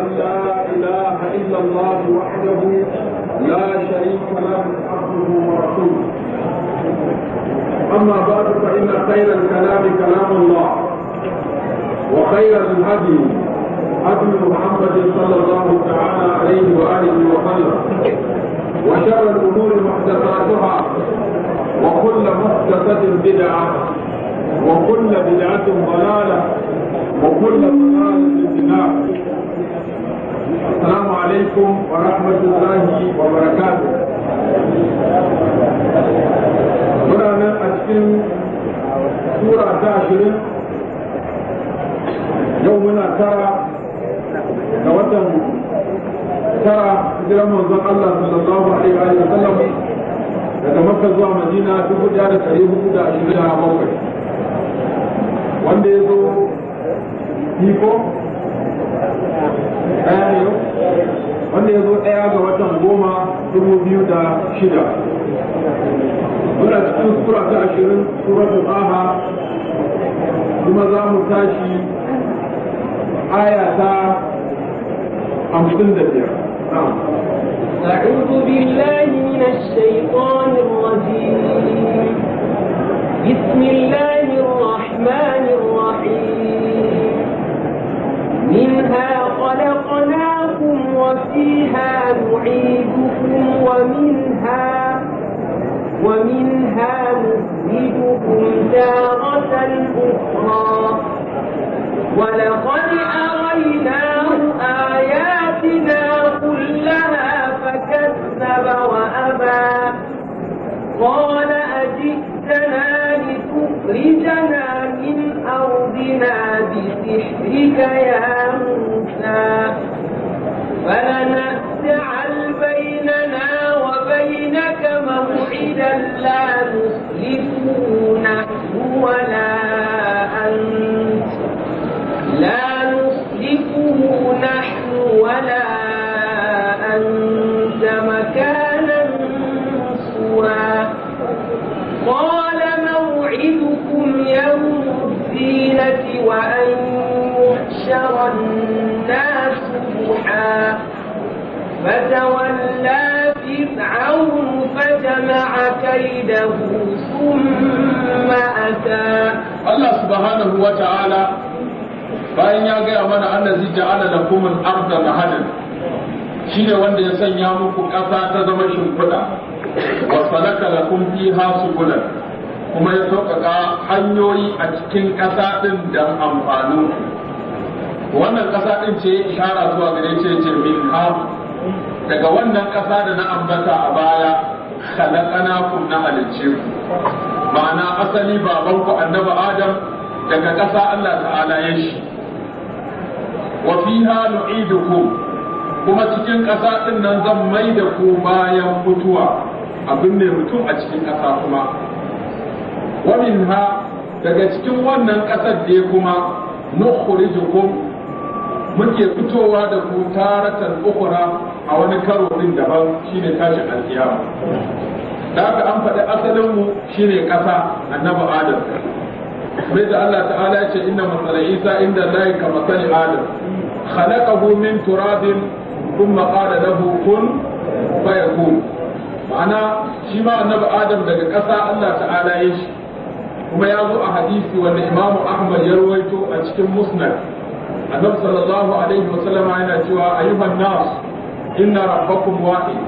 أن لا إله إلا الله وحده لا شريك له عبده ورسوله أما بعد فإن خير الكلام كلام الله وخير الهدي هدي محمد صلى الله تعالى عليه وآله وسلم وشر الأمور محدثاتها وكل محدثة بدعة وكل بدعة ضلالة وكل ضلالة في النار السلام عليكم ورحمة الله وبركاته مرانا أتكلم سورة عشرين يومنا ترى نوتم ترى هجرة منظر الله صلى الله عليه وسلم daga makka zuwa madina dubu ɗaya da ɗari hudu da wanda ya zo ɗaya wanda ya zo ɗaya ga watan goma dubu biyu da shida muna cikin sura ta ashirin suratul aha kuma za mu tashi aya ta hamsin da biyar أعوذ بالله من الشيطان الرجيم بسم الله الرحمن الرحيم منها وفيها نعيدكم ومنها ومنها نخرجكم تارة أخرى ولقد أريناه آياتنا كلها فكذب وأبى قال أجئتنا لتخرجنا من أرضنا بسحرك يا موسى فلنجعل بيننا وبينك موعدا لا نخلفه نحن ولا جمع كيده ثم أتى الله سبحانه وتعالى bayan ya gaya mana allazi ja'ala lakum al-ardha mahadan shine wanda ya sanya muku ƙasa ta zama shimfiɗa wa salaka lakum fiha subulan kuma ya sauƙaƙa hanyoyi a cikin kasa ɗin da amfanin wannan ƙasa ɗin ce ishara zuwa gare ce ce min ha daga wannan ƙasa da na ambata a baya khalaqnakum na halicce ku ma'ana asali baban ku annabi adam daga ƙasa Allah ta'ala ya shi wa fiha nu'idukum kuma cikin ƙasa din nan zan mai da ku bayan mutuwa abin ne mutum a cikin ƙasa kuma wa minha daga cikin wannan ƙasar da kuma nukhrijukum muke fitowa da ku taratar ukura a wani karo din daban shine tashi alkiyama da aka an faɗi asalin mu shine ƙasa annabi adam kamar da Allah ta'ala ya ce inna masala isa inda Allah ka masali adam khalaqahu min turabin thumma qala lahu kun fayakun ma'ana shi ma annabi adam daga ƙasa Allah ta'ala ya shi kuma ya zo a hadisi wanda imamu ahmad ya rawaito a cikin musnad annabi sallallahu alaihi wa sallama yana cewa ayyuhan nas inna rabbakum wahid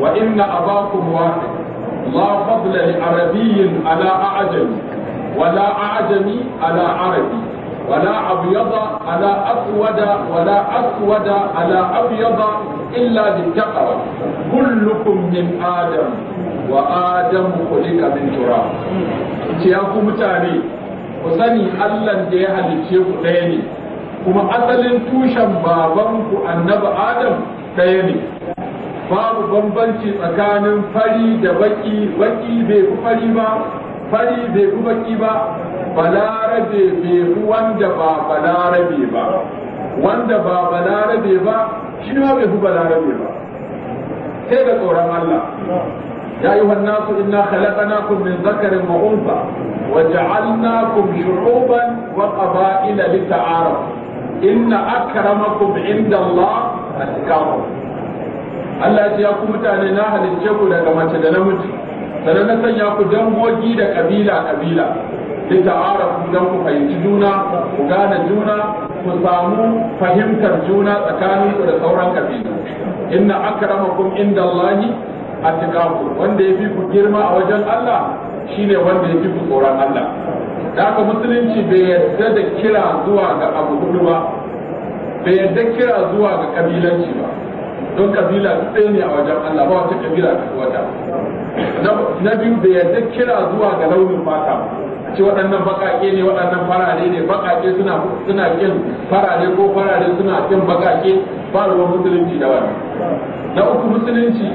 wa inna abakum wahid la fadla li arabiyyin ala a'jami wala a'jami ala arabi ولا أبيض على أسود ولا أسود على أبيض إلا بالتقوى كلكم من آدم وآدم خلق من تراب يا متاني ku sani Allahn da ya halicce ku ɗaya ne kuma asalin tushen babanku annabi adam ɗaya ne babu bambanci tsakanin fari da baki baki bai fi fari ba fari bai fi baki ba balarabe bai fi wanda ba balarabe ba wanda ba balarabe ba shi ma bai fi balarabe ba sai da tsoron Allah yi wannan su يا أيها min Zakarin خلقناكم من ذكر وأنثى وجعلناكم شعوبا وقبائل لتعارفوا inna akramakum inda Allah atqakum Allah ya ku mutane na halicce ku daga mace da namiji sannan na sanya ku dangogi da kabila kabila lita'arafu dan ku fahimci juna ku gane juna ku samu fahimtar juna tsakanin ku da sauran kabilu inna akramakum inda Allah atqakum wanda yafi ku girma a wajen Allah shine wanda yafi ku tsoron Allah da haka musulunci bai yarda da kira zuwa ga abu hudu ba bai yarda kira zuwa ga kabilanci ba don kabila ɗaya ne a wajen Allah ba wata kabila ta wata na biyu bai yarda kira zuwa ga launin fata a ce waɗannan baƙaƙe ne waɗannan farare ne baƙaƙe suna suna kin farare ko farare suna kin baƙaƙe ba ruwan musulunci da wani na uku musulunci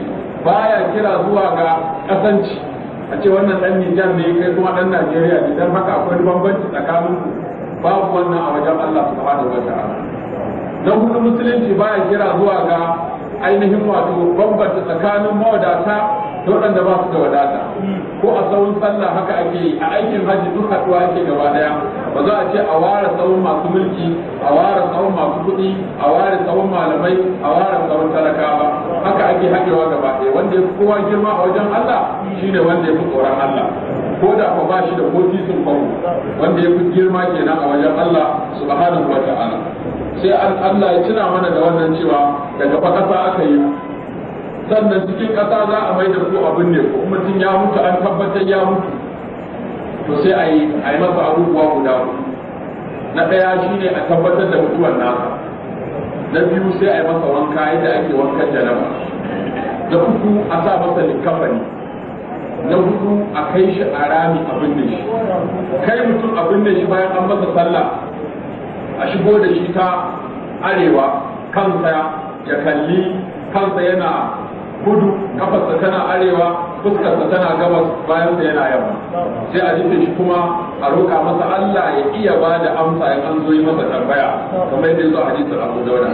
baya kira zuwa ga ƙasanci a ce wannan ɗan Nijar ne kai kuma dan Najeriya ne dan haka akwai bambanci tsakanin babu wannan a wajen Allah subhanahu wa ta'ala dan hudu musulunci baya kira zuwa ga ainihin wato bambanci tsakanin mawadata da waɗanda ba su da wadata ko a tsawon sallah haka ake yi a aikin hajji duk haɗuwa ake gaba daya ba za a ce a ware tsawon masu mulki a ware tsawon masu kuɗi a ware tsawon malamai a ware tsawon talakawa. ba haka ake haɗewa gaba ɗaya wanda ya fi kowa girma a wajen Allah shi ne wanda ya fi tsoron Allah ko da ko ba shi da ko titin faru wanda ya fi girma kenan a wajen Allah subhanahu wa ta'ala sai Allah ya tuna mana da wannan cewa daga fa ƙasa aka yi sannan cikin ƙasa za a mai da ku abin ne ko mutum ya mutu an tabbatar ya mutu to sai a yi masa abubuwa guda na ɗaya ne a tabbatar da mutuwan nasa na biyu sai a yi masa wanka yadda ake wankan nama, na uku a sa masa likafani na hudu a kai shi a rami abin da shi kai mutum abin da shi bayan an masa sallah a shigo da shi ta arewa kansa ya kalli kansa yana kudu kafarsa tana arewa fuskarsa tana gabas bayan bayansa yana yamma sai a rufe shi kuma a roƙa masa Allah ya iya ba da amsa ya an zo masa tambaya kamar yadda zuwa hadisin Abu Dawud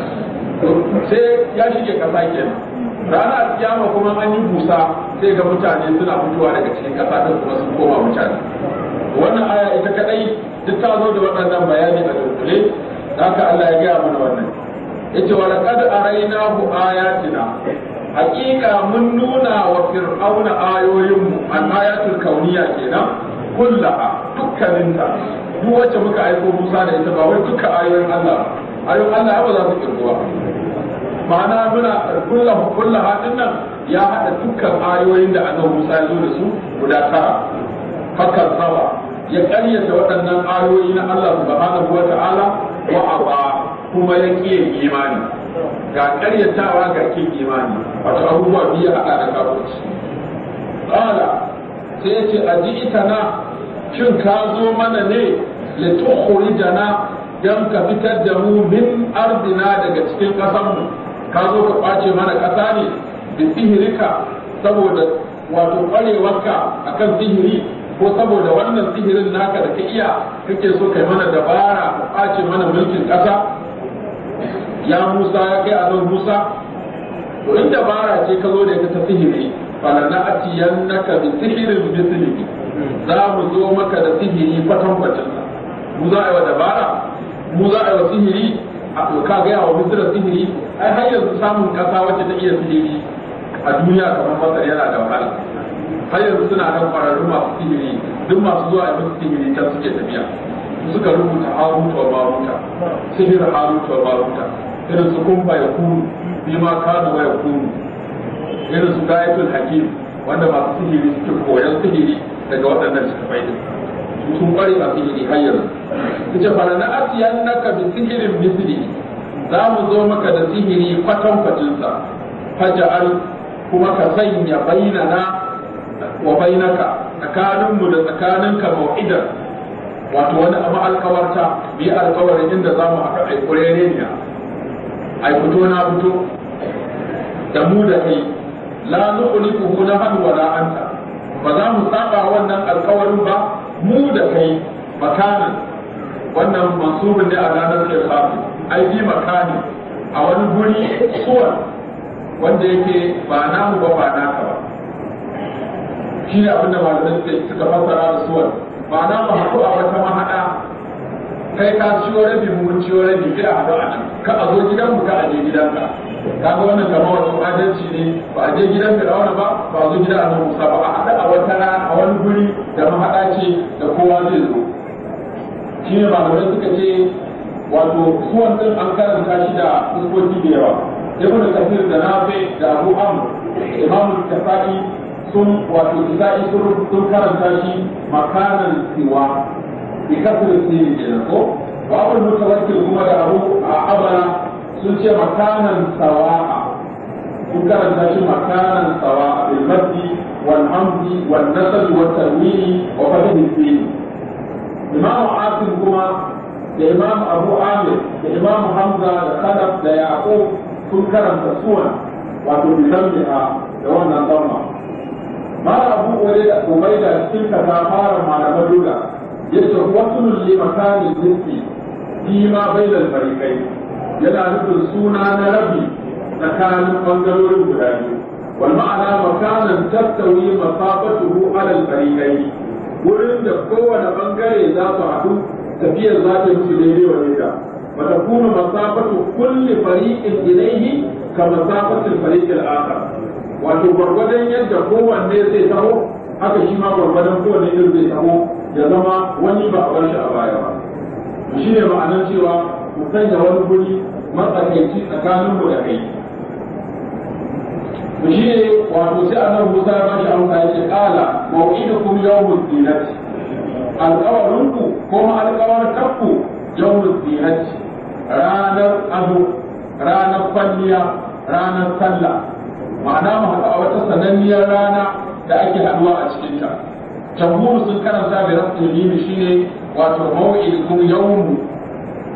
sai ya shige kasa kenan ranar kiyama kuma an yi busa sai ga mutane suna fitowa daga cikin kasa ta kuma sun koma mutane wannan aya ita kadai duk ta zo da waɗannan bayani a dunkule haka Allah ya gaya mana wannan yace wa laqad araynahu ayatina hakika mun nuna wa fir'auna ayoyinmu an ayatul kauniya kenan kullaha dukkaninta duk wacce muka aiko Musa da ita ba wai duka ayoyin Allah ayoyin Allah ba za su ba. ma'ana muna kullaha kullaha dinnan ya hada dukkan ayoyin da annabi Musa ya zo da su guda tara fakar saba ya karyata waɗannan ayoyi na Allah subhanahu wa ta'ala wa aba kuma ya kiyaye imani ga karyatawa ga kin imani wato abubuwa biyu a da kafirci qala sai ya ce aji'tana shin ka zo mana ne tukhrijana dan ka fitar da mu min ardina daga cikin ƙasanmu ka zo ka kwace mana ƙasa ne da sihirika saboda wato ƙwarewarka akan sihiri ko saboda wannan sihirin naka da ka iya kake so kai mana dabara ka ɓace mana mulkin ƙasa ya musa ya kai azan musa to in dabara ce ka zo da ita ta sihiri falana naka bi sihirin sihiri za mu zo maka da sihiri kwatan kwatan mu za a yi wa dabara mu za a yi wa sihiri a ko ka ga wa misira sihiri ai har yanzu samun ƙasa wacce ta iya sihiri a duniya kamar masar yana da wahala har yanzu suna kan kwararru masu sihiri duk masu zuwa yanzu sihiri ta suke tafiya suka rubuta haruta wa maruta sihir haruta wa maruta irin su kumba ya kuru bi ma kanu ya kuru irin su gayatul hakim wanda masu sihiri suke koyan sihiri daga waɗannan littattafai su sun kware a sihiri har yanzu su ce fara na asiyan naka bi sihirin misiri za mu zo maka da sihiri kwatan fajinsa, faja'al kuma ka sanya bayyana wa bainaka tsakaninmu da tsakaninka mau'idan wato wani abu alkawarta bi alkawari inda za mu haɗu aikure kurere ne Ai fito na fito da mu da kai la na nahnu wala anta ba za mu saba wannan alkawarin ba mu da kai makanin wannan mansubin ne a ranar sabu ai bi makani a wani guri suwar wanda yake ba namu ba ba naka ba shine ne abin da malamai suka suka fassara da suwar ma'ana ba haɗu a wata mahaɗa kai ka ciwo rabi mun ciwo rabi a haɗu a nan ka a zo gidan mu ka a je gidanka ka ga wannan kamar wani adalci ne ba a je gidan Fir'auna ba ba a zo gidan Annabi Musa ba a haɗu a wata a wani guri da mahaɗa ce da kowa zai zo shine ne malamai suka ce wato suwan ɗin an karanta shi da fuskoki da yawa ibn kafir da nafi da abu amr imam al-kasa'i sun wato isa'i sun karanta shi makanan siwa bi kasar sinin kenan ko babu mutawakkil kuma da abu a abana sun ce makanan sawa'a sun karanta shi makanan sawa'a bil maddi wal hamdi wal nasab wal tanwini wa fathi sin imam asim kuma da imam abu amir da imam hamza da khalaf da yaqub sun karanta suwan wato bi zambiha da wannan zamma ma abu wani da kumai da cikin ka ta fara malamar duga ya ce wasu limakanin nufi fi ma bai da farikai yana nufin suna na rabi tsakanin bangarorin guda biyu wal ma'ana makanan tattauni ko alal farikai wurin da kowane bangare za su haɗu tafiyar za ta yi daidai wa daida wata kuma masafatu kulli fariqin ilaihi ka masafatu al akar wato gwargwadon yadda kowanne zai taho haka shi ma gwargwadon kowanne yadda zai taho ya zama wani ba a bar a baya ba shi ne ma'anar cewa mu sanya wani guri matsakaici tsakanin mu da kai to shi ne wato sai annabi Musa ya bashi amsa ya ce qala maw'idukum yawmul dinati alqawarunku ko alqawar takku yawmul dinati ranar ado ranar kwalliya ranar sallah ma'ana mu haɗu a wata sananniyar rana da ake haɗuwa a cikin ta jamhur sun karanta bi rasul mim shine wato kun yawmu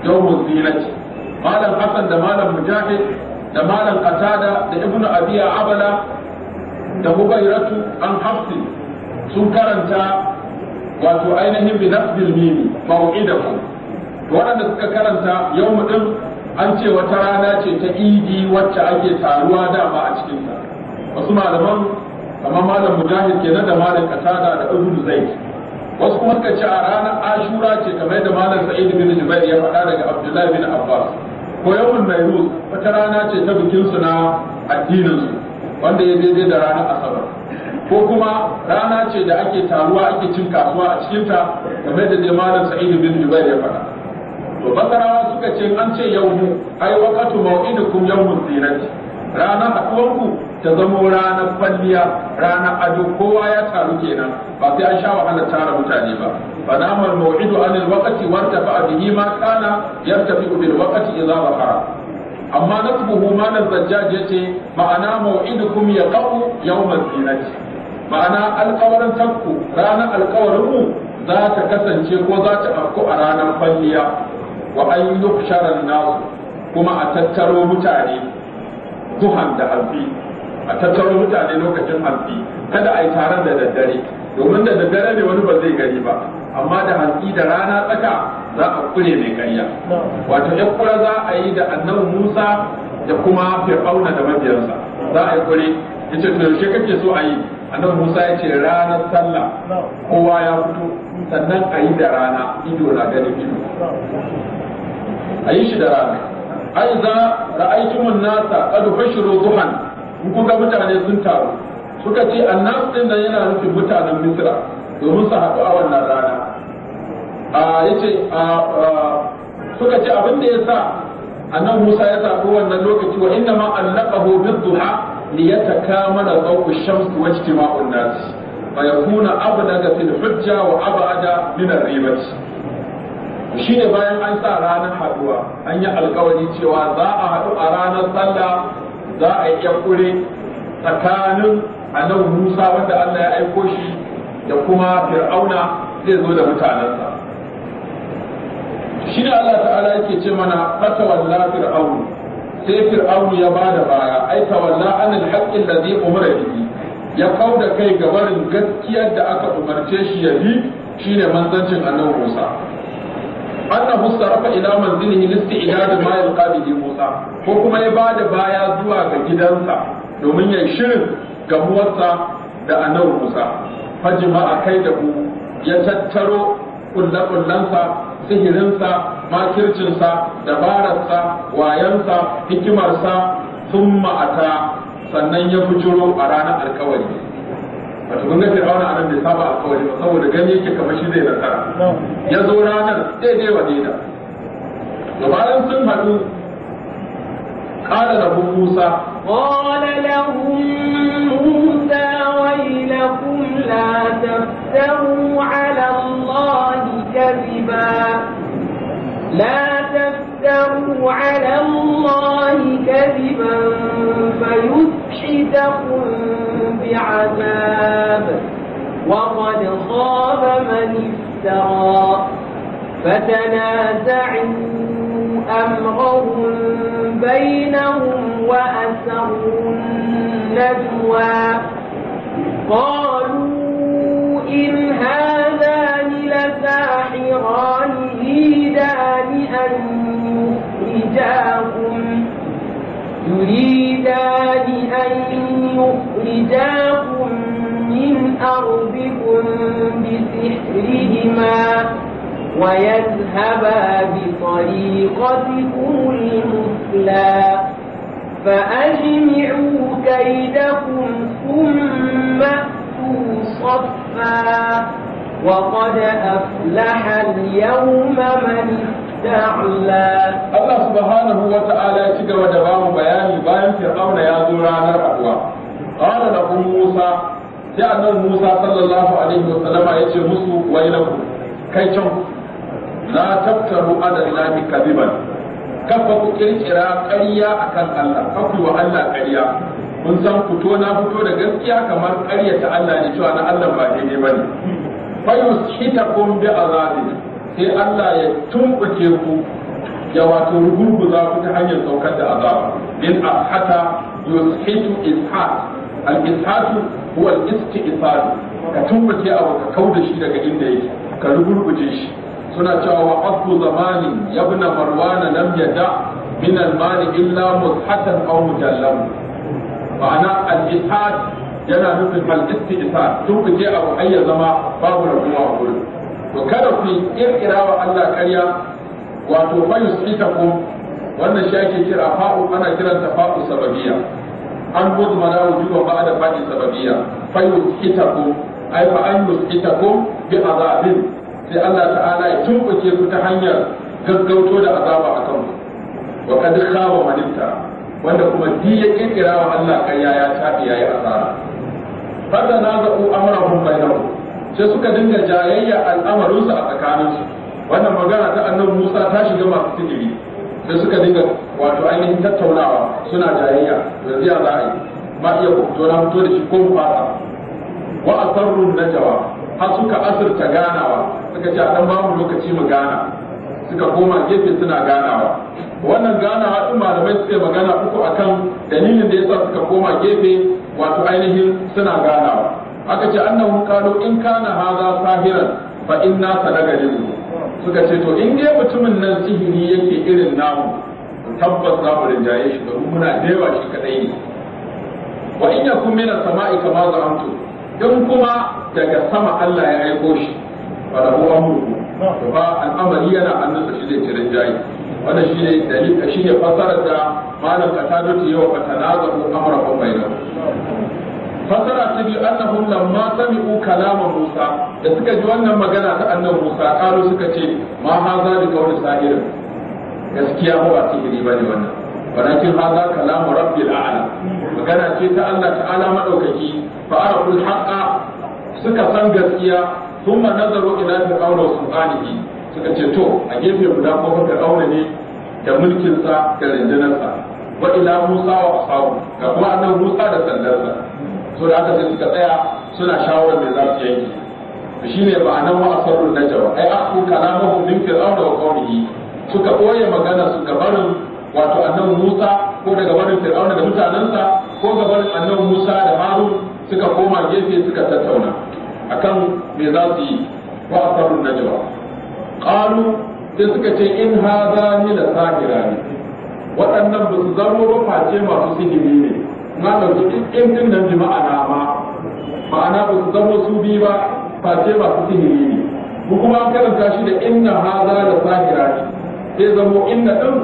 yawmu zinati malam hasan da malam mujahid da malam qatada da ibnu abiya abala da hubairatu an hafsi sun karanta wato ainihin bi nasbil mim maw'idakum waɗanda suka karanta yawmu din an ce wata rana ce ta idi wacce ake taruwa dama a cikinta wasu malaman kamar malam mujahid kenan da malam katada da ibnu zaid wasu kuma ka ce a ranar ashura ce kamar da malam sa'id bin jubair ya faɗa daga abdullahi bin abbas ko yawon nairuz wata rana ce ta bikin su na addinin su wanda ya daidai da ranar asabar ko kuma rana ce da ake taruwa ake cin kasuwa a cikinta kamar da malam sa'id bin jubair ya faɗa to basarawa suka ce an ce ne ai waqatu mawidukum yawmul zinati ranar haɗuwanku ta zamo ranar kwalliya rana ado kowa ya taru kenan ba sai an sha wahalar tara mutane ba fa namal mau'idu anil waqati wartafa bihi ma kana yartafi bil waqati idza waqara amma nasbuhu ma zajjaj yace ma'ana mawidukum yaqau yawmul zinati ma'ana alƙawarin tanku ranar alƙawarin mu za ta kasance ko za ta afku a ranar kwalliya wa an yuhsharan nas kuma a tattaro mutane duhan da alfi a tattaro mutane lokacin alfi kada a yi taron da daddare domin da daddare ne wani ba zai gari ba amma da hantsi da rana tsaka za a kure mai karya wato ya kura za a yi da annabi Musa da kuma Fir'auna da mabiyansa za a yi kure yace to yaushe kake so a yi annabi Musa ya ce ranar sallah kowa ya fito sannan a yi da rana ido na gani ido a yi shi da rana ai za ra'aytumun nasa kadu fashiro zuhan in kuka mutane sun taru suka ce annas din nan yana nufin mutanen misra domin su haɗu a wannan rana a yace suka ce abin da ya sa annabi Musa ya zaɓi wannan lokaci wa inna ma allaqahu bid ya li yatakamala dawq ash shamsu wa ijtima'u an-nas fa yakuna ablaga fil hujja wa ab'ada min ar-ribati Shi ne bayan an sa ranar haduwa an yi alkawari cewa za a haɗu a ranar sallah za a yi yakure tsakanin annabi Musa wanda Allah ya aiko shi da kuma Fir'auna zai zo da mutanensa Shi ne Allah ta'ala yake ce mana walla fir'aun sai fir'aunu ya ba da baya ai tawalla haƙƙin da zai umara biki ya da kai gabarin gaskiyar da aka umarce shi ya bi shine manzancin annabi Musa annahu sarafa ila manzilihi listi'dad ma yalqa bihi Musa ko kuma ya bada baya zuwa ga gidansa domin ya shirin gamuwarsa da anan Musa fajima kai da ku ya tattaro kullakullansa sihirinsa makircinsa dabararsa wayansa hikimarsa sun sannan ya bujuro a ranar alkawari wato gwamnati fir'auna anan bai saba alkawari ba saboda gani yake kamar shi zai nasara ya zo ranar zai je wadina da bayan sun haɗu kada له موسى قال لهم موسى ويلكم لا تفتروا على الله كذبا لا تفتروا يفتروا على الله كذبا فيسحتكم بعذاب وقد خاب من افترى فتنازعوا أمرهم بينهم وأسروا النجوى قالوا إن هذان لساحران يريدان أن يخرجاكم يريدان أن يخرجاكم من أرضكم بسحرهما ويذهبا بطريقتكم المثلى فأجمعوا كيدكم ثم أتوا صفا وقد أفلح اليوم من استعلى الله سبحانه وتعالى شكا ودبام بياني باين فرعون يا زوران الأقوى قال لكم موسى جاء موسى صلى الله عليه وسلم يتي مسو ويلكم كي لا تفتروا على الله كذبا kafa ku kirkira ƙarya akan Allah kafa wa Allah ƙarya kun san fito na fito da gaskiya kamar ƙarya ta Allah ne cewa na Allah ba daidai bane fayuskitakum bi azabi sai Allah ya tumbuke ku ya wato za ku ta hanyar saukar da azaba in ahata yushitu ishat al ishatu huwa al istiqfar ka tumbuke abu ka da shi daga inda yake ka rugurguje shi suna cewa wa abdu zamani yabna marwana lam yada min al mali illa mushatan aw mujallam ma'ana al ishat yana nufin halittu isa tumbuke abu ai ya zama babu rabuwa a gurin to kada ku kirkira wa Allah karya wato fayus itakum wannan shi ake kira fa'u ana ta fa'u sababiya. an gudu mana wujuba ba da fa'i sababiya. fayus itakum ai fa an bi azabin sai Allah ta'ala ya tumbuke ku ta hanyar gaggauto da azaba akan ku wa kad khaba man wanda kuma duk kirkira wa Allah karya ya tafi yayi asara fata na za'u amurahun bainahu sai suka dinga jayayya al'amarinsu a tsakaninsu wannan magana ta annabi musa ta shiga masu sihiri sai suka dinga wato ainihin tattaunawa suna jayayya yanzu ya za a yi ma iya fito na fito da shi ko mu fasa wa asarrun najawa har suka asirta ganawa suka ce a dan bamu lokaci mu gana suka koma gefe suna ganawa wannan ganawa din malamai suke magana uku akan dalilin da yasa suka koma gefe wato ainihin suna ganawa aka ce annahu qalu in kana hadha sahiran fa inna sadaqa suka ce to in dai mutumin nan sihiri yake irin namu tabbas za mu rinjaye shi domin muna dewa shi kadai ne wa in yakun min as-sama'i kama za'amtu in kuma daga sama Allah ya aiko shi fa lahu amruhu ba al'amari yana hannunsa shi ne cirin jayi wanda shi ne dalil shi ne fasarar da malam qatadatu yau fatanazahu amrahum bainahum fasara ta biyu annahum lamma sami'u kalama Musa da suka ji wannan magana ta annabi Musa karo suka ce ma haza bi qawli sahirin gaskiya ba ta iri bane wannan walakin haza kalamu rabbil a'la magana ce ta Allah ta'ala madaukaki fa araful haqqa suka san gaskiya ثم نظروا إلى فرعون وسلطانه suka ce to a gefe guda kuma fir'auna ne da sa da rindinarsa wa ila musa wa asawu ga kuma annan musa da sandarsa so da aka suka tsaya suna shawarar me za su yanki to shine ma'anar ma asarul najwa ai aku kalamahu min fir'auna wa qawmihi suka boye magana su ga barin wato annabi musa ko daga barin fir'auna da mutanensa ko ga barin musa da harun suka koma gefe suka tattauna akan me za su yi fa na najwa qalu sai suka ce in da sahira ne. waɗannan ba su zama ba face masu sihiri ne na ɗauki in ɗin nan bi ma'ana ma ma'ana ba su zama su bi ba face masu sihiri ne mu kuma karanta shi da inna da sahira ne. sai zamo inna din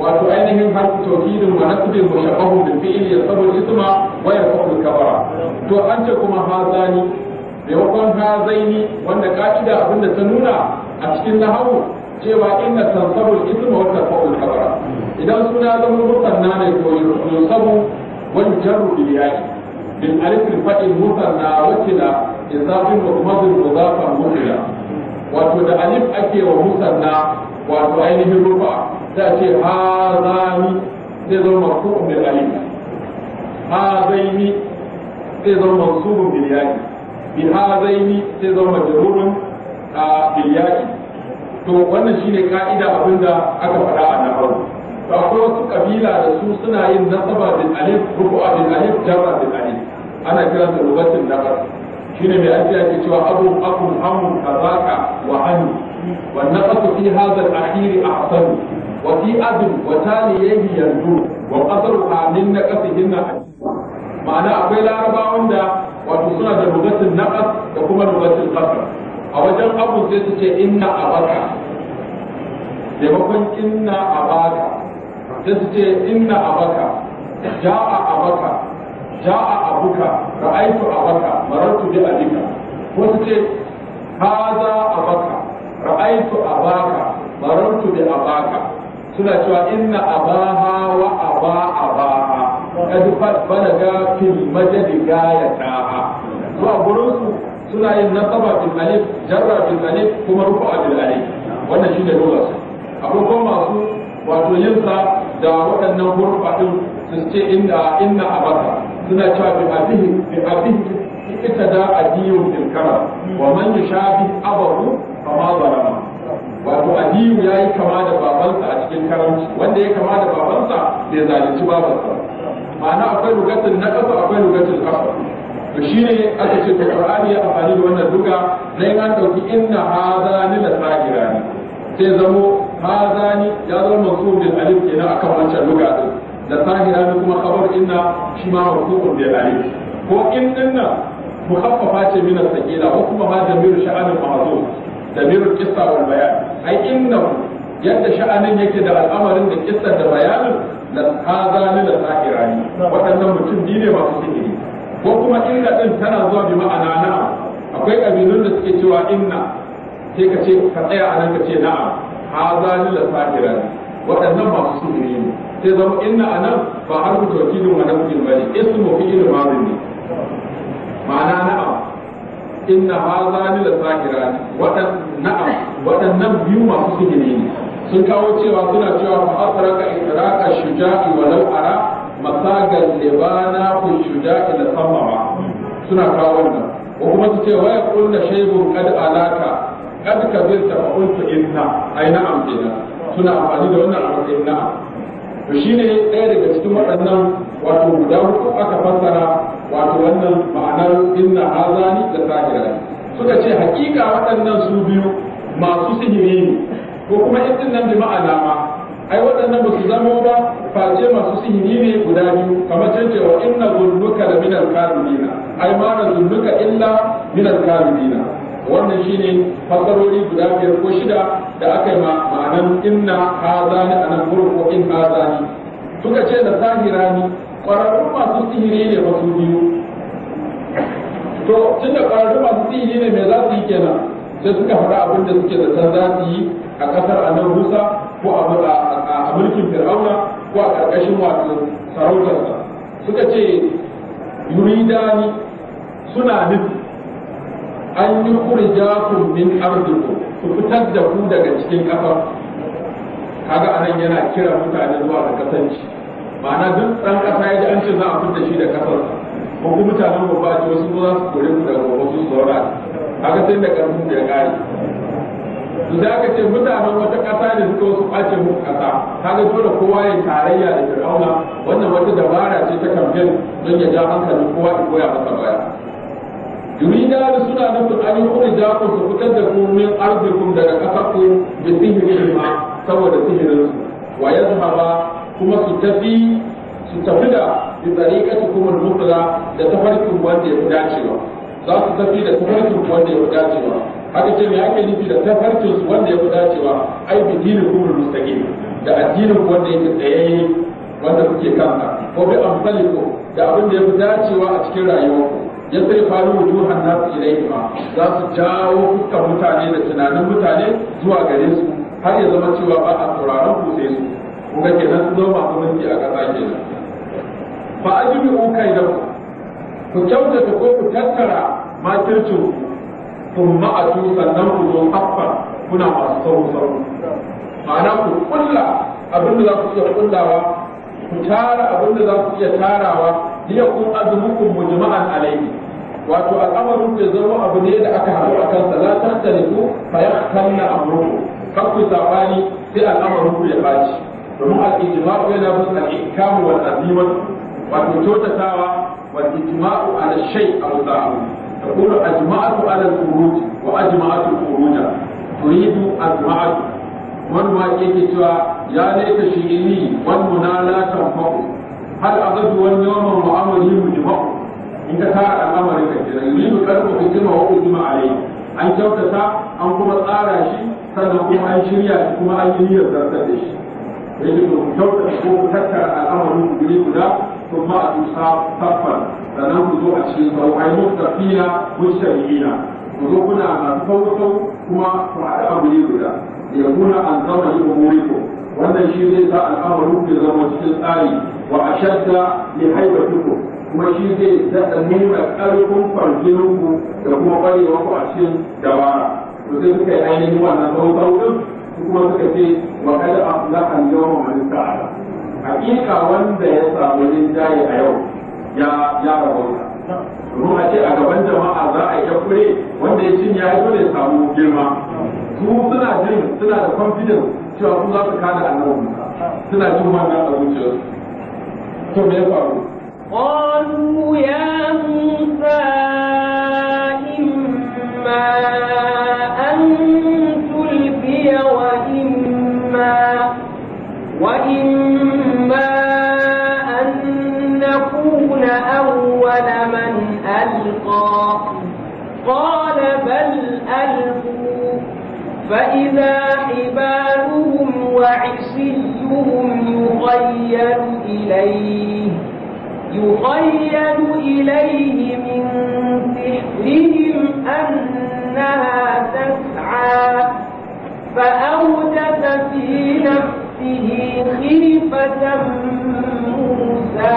wato ainihin harfi tauhidin wa nasbin mushabbahu bil fi'li yasbu al isma wa yarfu kabara to an ce kuma ni. maimakon hazaini wanda ka'ida abinda ta nuna a cikin nahawu cewa inna tansabul ismu wa tafa'ul kabara idan suna zama mutanna ne to yusabu wal jarru bil ya'i bil alif al fa'i mutanna wa kila izafin mudmad mudafan mutila wato da alif ake wa musanna wato ainihin rufa ta ce hazani zai zama marfu'un bil alif hazaini zai zama mansubun bil ya'i bi hazaini sai zama majrurun a bilyaki to wannan shine ka'ida abinda aka faɗa a nan farko to akwai wasu kabila da su suna yin nasaba bil alif rubu'a bil alif jarra bil alif ana kira da da farko shine mai ake yake cewa abu aku hamu kazaka wa hannu wa nafasu fi hadha al-akhir ahsan wa fi adl wa taliyayhi yanzu wa qasru amin naqasihinna ma'ana akwai larabawan da wato suna da lugatul naqas da kuma lugatul qasr a wajen abu sai su ce inna abaka maimakon inna abaka sai su ce inna abaka ja'a abaka ja'a abuka ra'aitu abaka marartu bi abika ko su ce haza abaka ra'aitu abaka marartu bi abaka suna cewa inna abaha wa aba abaha kad balaga fil majdi gayata su a su suna yin nasaba bil alif jarra bil alif kuma rufa bil alif wannan shi ne dole su akwai kuma masu wato yin sa da waɗannan hurfa din sun ce inda inna abata suna cewa bi abihi bi abihi ita da adiyu bil kara wa man yashabi abahu ma zalama wato adiyu yayi kama da babansa a cikin karanci, wanda ya kama da babansa bai zalunci babansa ma'ana akwai na naqasa akwai lugatul kafa. to shi ne aka ce ta qur'ani ya amfani da wannan duka na yin an dauki inna hadani la sa'irani sai zamo hadani ya zama mansub bil alif kenan akan wancan duka din da ne kuma khabar inna shi ma mansub bil alif ko in dinna mukhaffafa ce min as-saqila ko kuma ma damiru sha'anin mahzuf damiru qissa wal bayan ai innahu yadda sha'anin yake da al'amarin da kissar da bayanin da hazani da sahirani waɗannan mutum biyu ne masu sihiri ko kuma inna din tana zuwa bi ma'ana na akwai kabilun da suke cewa inna sai ka ce ka tsaya a nan ka ce na'am hazani la sahiran waɗannan masu sufuri ne sai zama inna a nan ba har ku tawkidin wa ne, isu mu fi ilmazin ne ma'ana na'am inna hazani la sahiran waɗannan na'am waɗannan biyu masu sufuri ne sun kawo cewa suna cewa fa asraka itraqa shuja'i walau ara masagar lebana kun shuda ila samawa suna kawo wannan ko kuma su ce waya kunna shaybun kad alaka kad kabirta fa kuntu inna ai na'am suna amfani da wannan a na'am to shine ɗaya daga cikin waɗannan wato guda hudu aka fassara wato wannan ma'anar inna hazani da sahirani suka ce hakika waɗannan su biyu masu sihiri ne ko kuma idin nan bi ma'ana ma ai waɗannan ba su zamo ba face masu sihiri ne guda biyu kamar can cewa inna zulluka da minal kafirina ai ma na zulluka illa minal kafirina wannan shine fasarori guda biyar ko shida da aka yi ma'anan inna ni anan ko in hazani suka ce da ni, ƙwararrun masu sihiri ne ba su biyu to tunda ƙwararrun masu sihiri ne me za su yi kenan sai suka faɗa abin da suke zaton za su yi a ƙasar anan musa ko a mulkin fir'auna ko a ƙarƙashin wato sarautarsa suka ce yuridani suna nufi an yi kurjakun min arziku su fitar da ku daga cikin ƙasar kaga anan yana kira mutane zuwa ga kasance, ma'ana duk ɗan ƙasa ya ji an ce za a fitar shi da ƙasar ko mutanen babba ce wasu za su kore ku daga babban su zaura haka sai da karfin da ya kare su da aka ce mutanen wata ƙasa da suka wasu ɓace mu ƙasa ga dole kowa ya tarayya da fir'auna wannan wata dabara ce ta kamfen don ya ja hankalin kowa ya koya masa baya yurida da suna nufin an yi kuri da ku su fitar da kumin arzikin daga ƙasar da sihirin ma saboda sihirin su wa ba kuma su tafi su tafi da bi tsariƙatu kuma da da tafarkin wanda ya fi dacewa za su tafi da tafarkin wanda ya fi dacewa haka ce mai ake nufi da tafarkin su wanda ya fi dacewa ai bi dinin kuma mustaqim da addinin wanda yake tsayayye wanda kuke kanka ko bi ko da abin da ya fi dacewa a cikin rayuwarku ya sai faru wujuhan nasu ilaihima za su jawo kuka mutane da tunanin mutane zuwa gare su har ya zama cewa ba a sauraron ku sai su kuma ke nan zo masu mulki a ƙasa ke nan. ba a jibi ukai da ku ku kyautata ko ku tattara matirci kuma a sannan ku zo haffa kuna masu sauro sauro ma'ana ku kulla abin da za ku iya kullawa ku tara abin da za ku iya tarawa liya kun mu jama'an alaihi wato al'amarin ku zama abu ne da aka haɗu a kansa la bayan fa yahtanna amrukum kan ku sabani sai al'amarin ku ya baci domin al-ijma'u yana bin al wani wal azimatu wato kyautatawa wal ijma'u ala a aw abu. تقول أجمعت على الخروج وأجمعت الخروج تريد أجمعت ما يكتوى يا ليت شئني والمنى لا تنفق هل أضد واليوم وعمله مجمع إنك تارى الأمر كثيرا يريد كلمة كثيرة وأجمع عليه أن كوتتا أن كما تارى شيء sannan kuma an shirya shi kuma an yi niyyar zartar da shi. Yake to ثم أتوسا صفا فننظر أشيطا وأي مختفين مجتمعين وذوقنا ما تفوتوا كما فعل أمر يقول ليكون أنظر لأموركم wannan shi zai sa al'amarin ku zama cikin tsari wa ashadda li haibatukum kuma shi zai daɗa nuna ƙarfin farjinin ku da kuma ƙwarewa ku a cikin dabara to sai suka yi ainihin wannan tsawon tsawon kuma suka ce wa kada a kula an yawan wani sa'ada hakika wanda ya samu linjaye a yau ya ya rabauta domin a ce a gaban jama'a za a yi kure wanda ya cinye ya yi dole ya samu girma su suna jin suna da confidence cewa su za su kada annabi suna jin wannan abincin zuciyarsu to me ya faru قالوا ya فتى موسى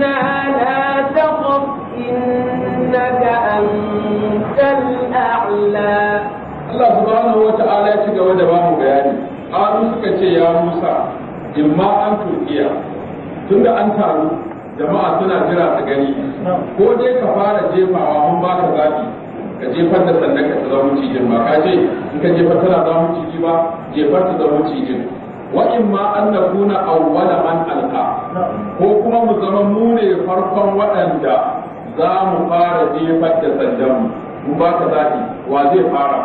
na لا تخف إنك أنت الأعلى Allah subhanahu wa ta'ala ya ci gaba da bamu bayani Adu suka ce ya Musa imma an tunda an taru jama'a suna jira a gani ko dai ka fara jefawa mun baka zabi ka jefar da sanda ka zama mucijin ba ka ce in ka jefar tana zama muciji ba jefar ta zama mucijin wa in ma an nakuna awwala man alqa ko kuma mu zama mu ne farkon waɗanda za mu fara jefar da sandan mu ba ka zaɓi wa zai fara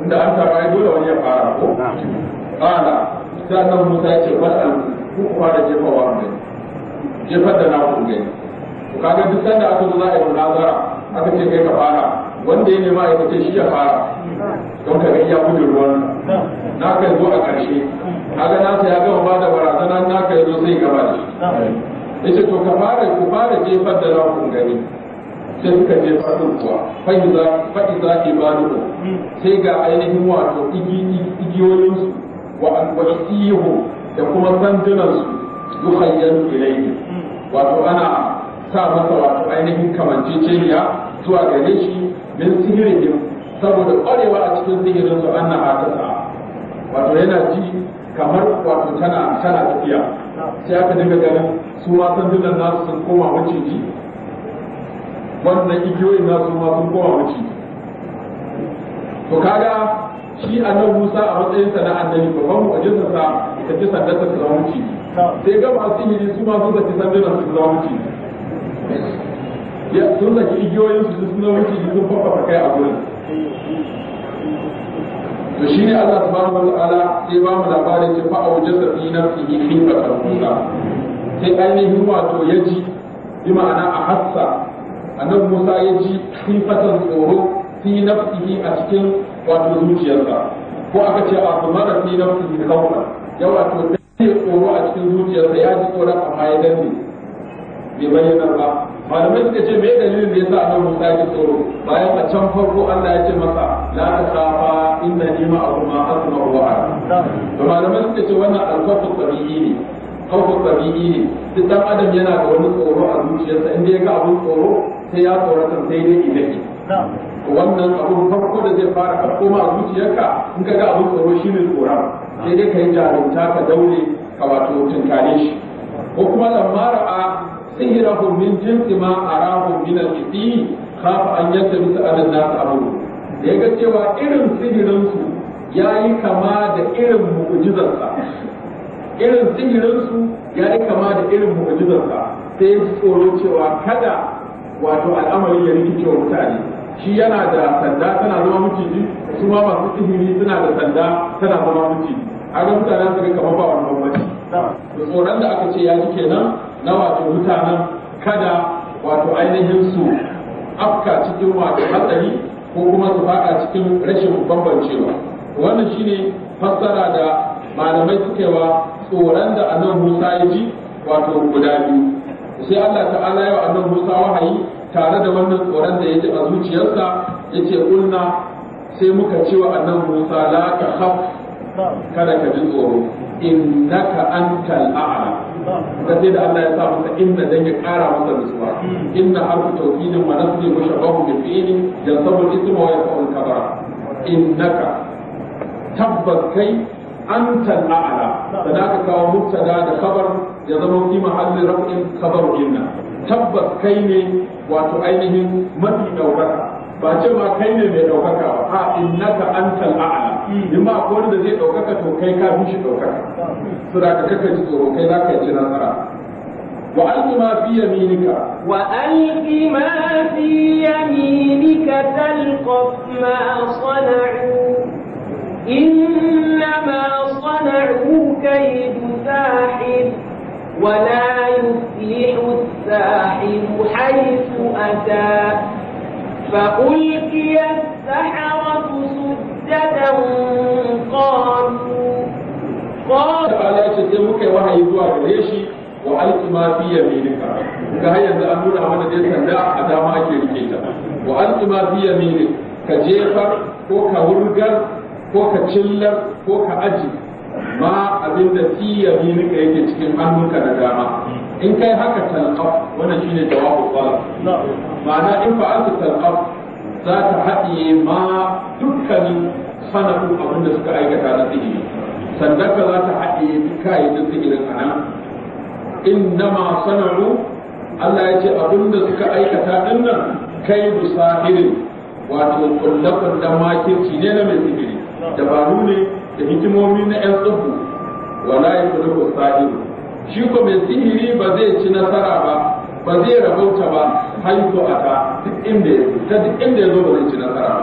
inda an tara ai dole wani ya fara ko qala sannan musa ya ce wannan ku fara jefa wa mai jefar da na ku gani to kaga duk sanda aka zo za a yi munazara aka ce kai ka fara wanda ya nema ya ce shi ya fara don ka ga iya gudun ruwan na kai zo a ƙarshe kaga na ya gama ba da barazana na ka yazo zai gaba da shi yace to ka fara ku fara jefar da rakun gani sai suka jefar da kuwa fa'iza ba ibaduhu hmm. sai ga ainihin wato igiyoyin su wa an wasihu da kuma sandunan su yuhayyan ilayhi hmm. wato ana sa masa wato ainihin kamanceceniya zuwa gare shi min sihirin saboda kwarewa a cikin sihirin su an na wato yana ji kamar wato tana tana tafiya sai aka dinga ganin su ma sandunan nasu sun koma maciji wannan igiyoyin nasu ma sun koma maciji to kaga shi annabi Musa a matsayin sa na annabi babban mu'jizar sa ta ci sandar ta zama sai ga masu sihiri su ma sun saki sandunan su zama wuce. ya sun saki igiyoyin su sun zama maciji sun fafafa kai a gurin to shi ne Allah subhanahu wataala sai ba mu labarin ce fa au nafsi na fi khifatan musa sai ainihin wato ya ji bi ma'ana a hassa annabi Musa ya ji fatan tsoro fi nafsihi a cikin wato zuciyarsa ko aka ce a da fi nafsihi kauna ya wato sai tsoro a cikin zuciyarsa ya ji tsoron amma ya danne bai bayyana ba malamai suka ce me dalilin da yasa annabi Musa ya tsoro bayan a can farko Allah ya ce masa la takafa inna ni ma asma wa ara to malamai suka ce wannan alfafin tabi'i ne kawfa tabi'i ne duk dan adam yana da wani tsoro a zuciyarsa inda ya ga abun tsoro sai ya tsorata sai dai idaki wannan abun farko da zai fara ka koma a zuciyarka in ka ga abun tsoro shine tsoron sai dai ka yi jarumta ka daure ka wato tunkare shi ko kuma lamara a سحره من جنس ما kafa an الإثيم خاف أن يلتبس على nas أمره yaga cewa irin sihirinsu ya yi kama da irin mu'ujizarsa irin sihirin ya yi kama da irin sa sai su tsoro cewa kada wato al'amari ya rikice wa mutane shi yana da sanda tana zama miciji su ma masu sihiri suna da sanda tana zama miciji a ga mutane su ga kamar ba wani Da tsoron da aka ce ya ji kenan na wato mutanen kada wato ainihin su afka cikin wato hatsari ko kuma su faɗa cikin rashin bambancewa wannan shine fassara da malamai suke wa tsoron da annabi Musa ya ji wato guda biyu sai Allah ta'ala ya annabi Musa wahayi tare da wannan tsoron da ya a zuciyarsa yace kunna, sai muka ce wa annabi Musa la ka khaf kada ka ji tsoro innaka antal a'la ka sai da Allah ya sa masa inna dan ya kara masa nutsuwa inna harfu tawkidin wa nasbi wa shabahu bi fi'li yansabu ismu wa yaqul kabara innaka tabbas kai anta al'ala dan aka kawo mubtada da khabar ya zama fi mahalli raf'in khabar inna tabbas kai ne wato ainihin mafi daukaka ba ce ma kai ne mai daukaka ba a innaka antal a'la in ba ko wanda zai ɗaukaka to kai ka fi shi da ka tsoro kai za ka yi وألق ما في يمينك تلقف ما صنعوا إنما صنعوا كيد ساحر ولا يفلح الساحر حيث أتى فألقي السحرة صدقا sujjadan qalu qala ta ce muke wahayi zuwa gare shi wa antuma fi yaminika ga hayyan da amuna wanda dai sanda a dama ake rike ta wa antuma fi yaminik ka jefa ko ka wurgar ko ka cillar, ko ka aji ma abin da fi yaminika yake cikin hannunka da dama in kai haka talqaf wannan shine jawabul qala ma'ana in fa'alta talqaf za ta haɗiye ma dukkanin sana'u abin da suka aikata na sihiri sannan ka za ta haɗiye duk kayayyakin sihirin a nan innama sana'u Allah ya ce abin da suka aikata ɗin nan kai musahirin wato kulle da makirci ne na mai sihiri dabaru ne da hikimomi na 'yan tsubu wala ya kudu musahiru shi ko mai sihiri ba zai ci nasara ba ba zai rabauta ba haifu a ta duk inda ya ta duk inda ya zo ba zai ci nasara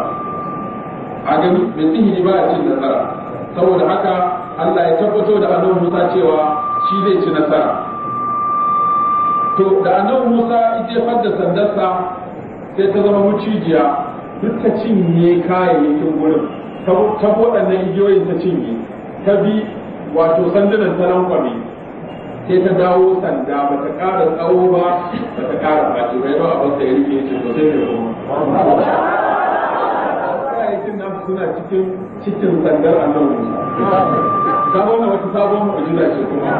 a gani mai sihiri ba ya ci nasara saboda haka Allah ya tabbato da annabi Musa cewa shi zai ci nasara to da annabi Musa ya jefar da sandarsa sai ta zama mucijiya duk ta cinye kayayyakin gurin ta waɗannan igiyoyin ta cinye ta bi wato sandunan ta lankwame sai ta dawo sanda ba ta ƙara tsawo ba ba ta ƙara baki bai ba abin da ya rike ce to sai yi kayayyakin nan suna cikin cikin sandar annabi sabon na wata sabon mu'jiza ce kuma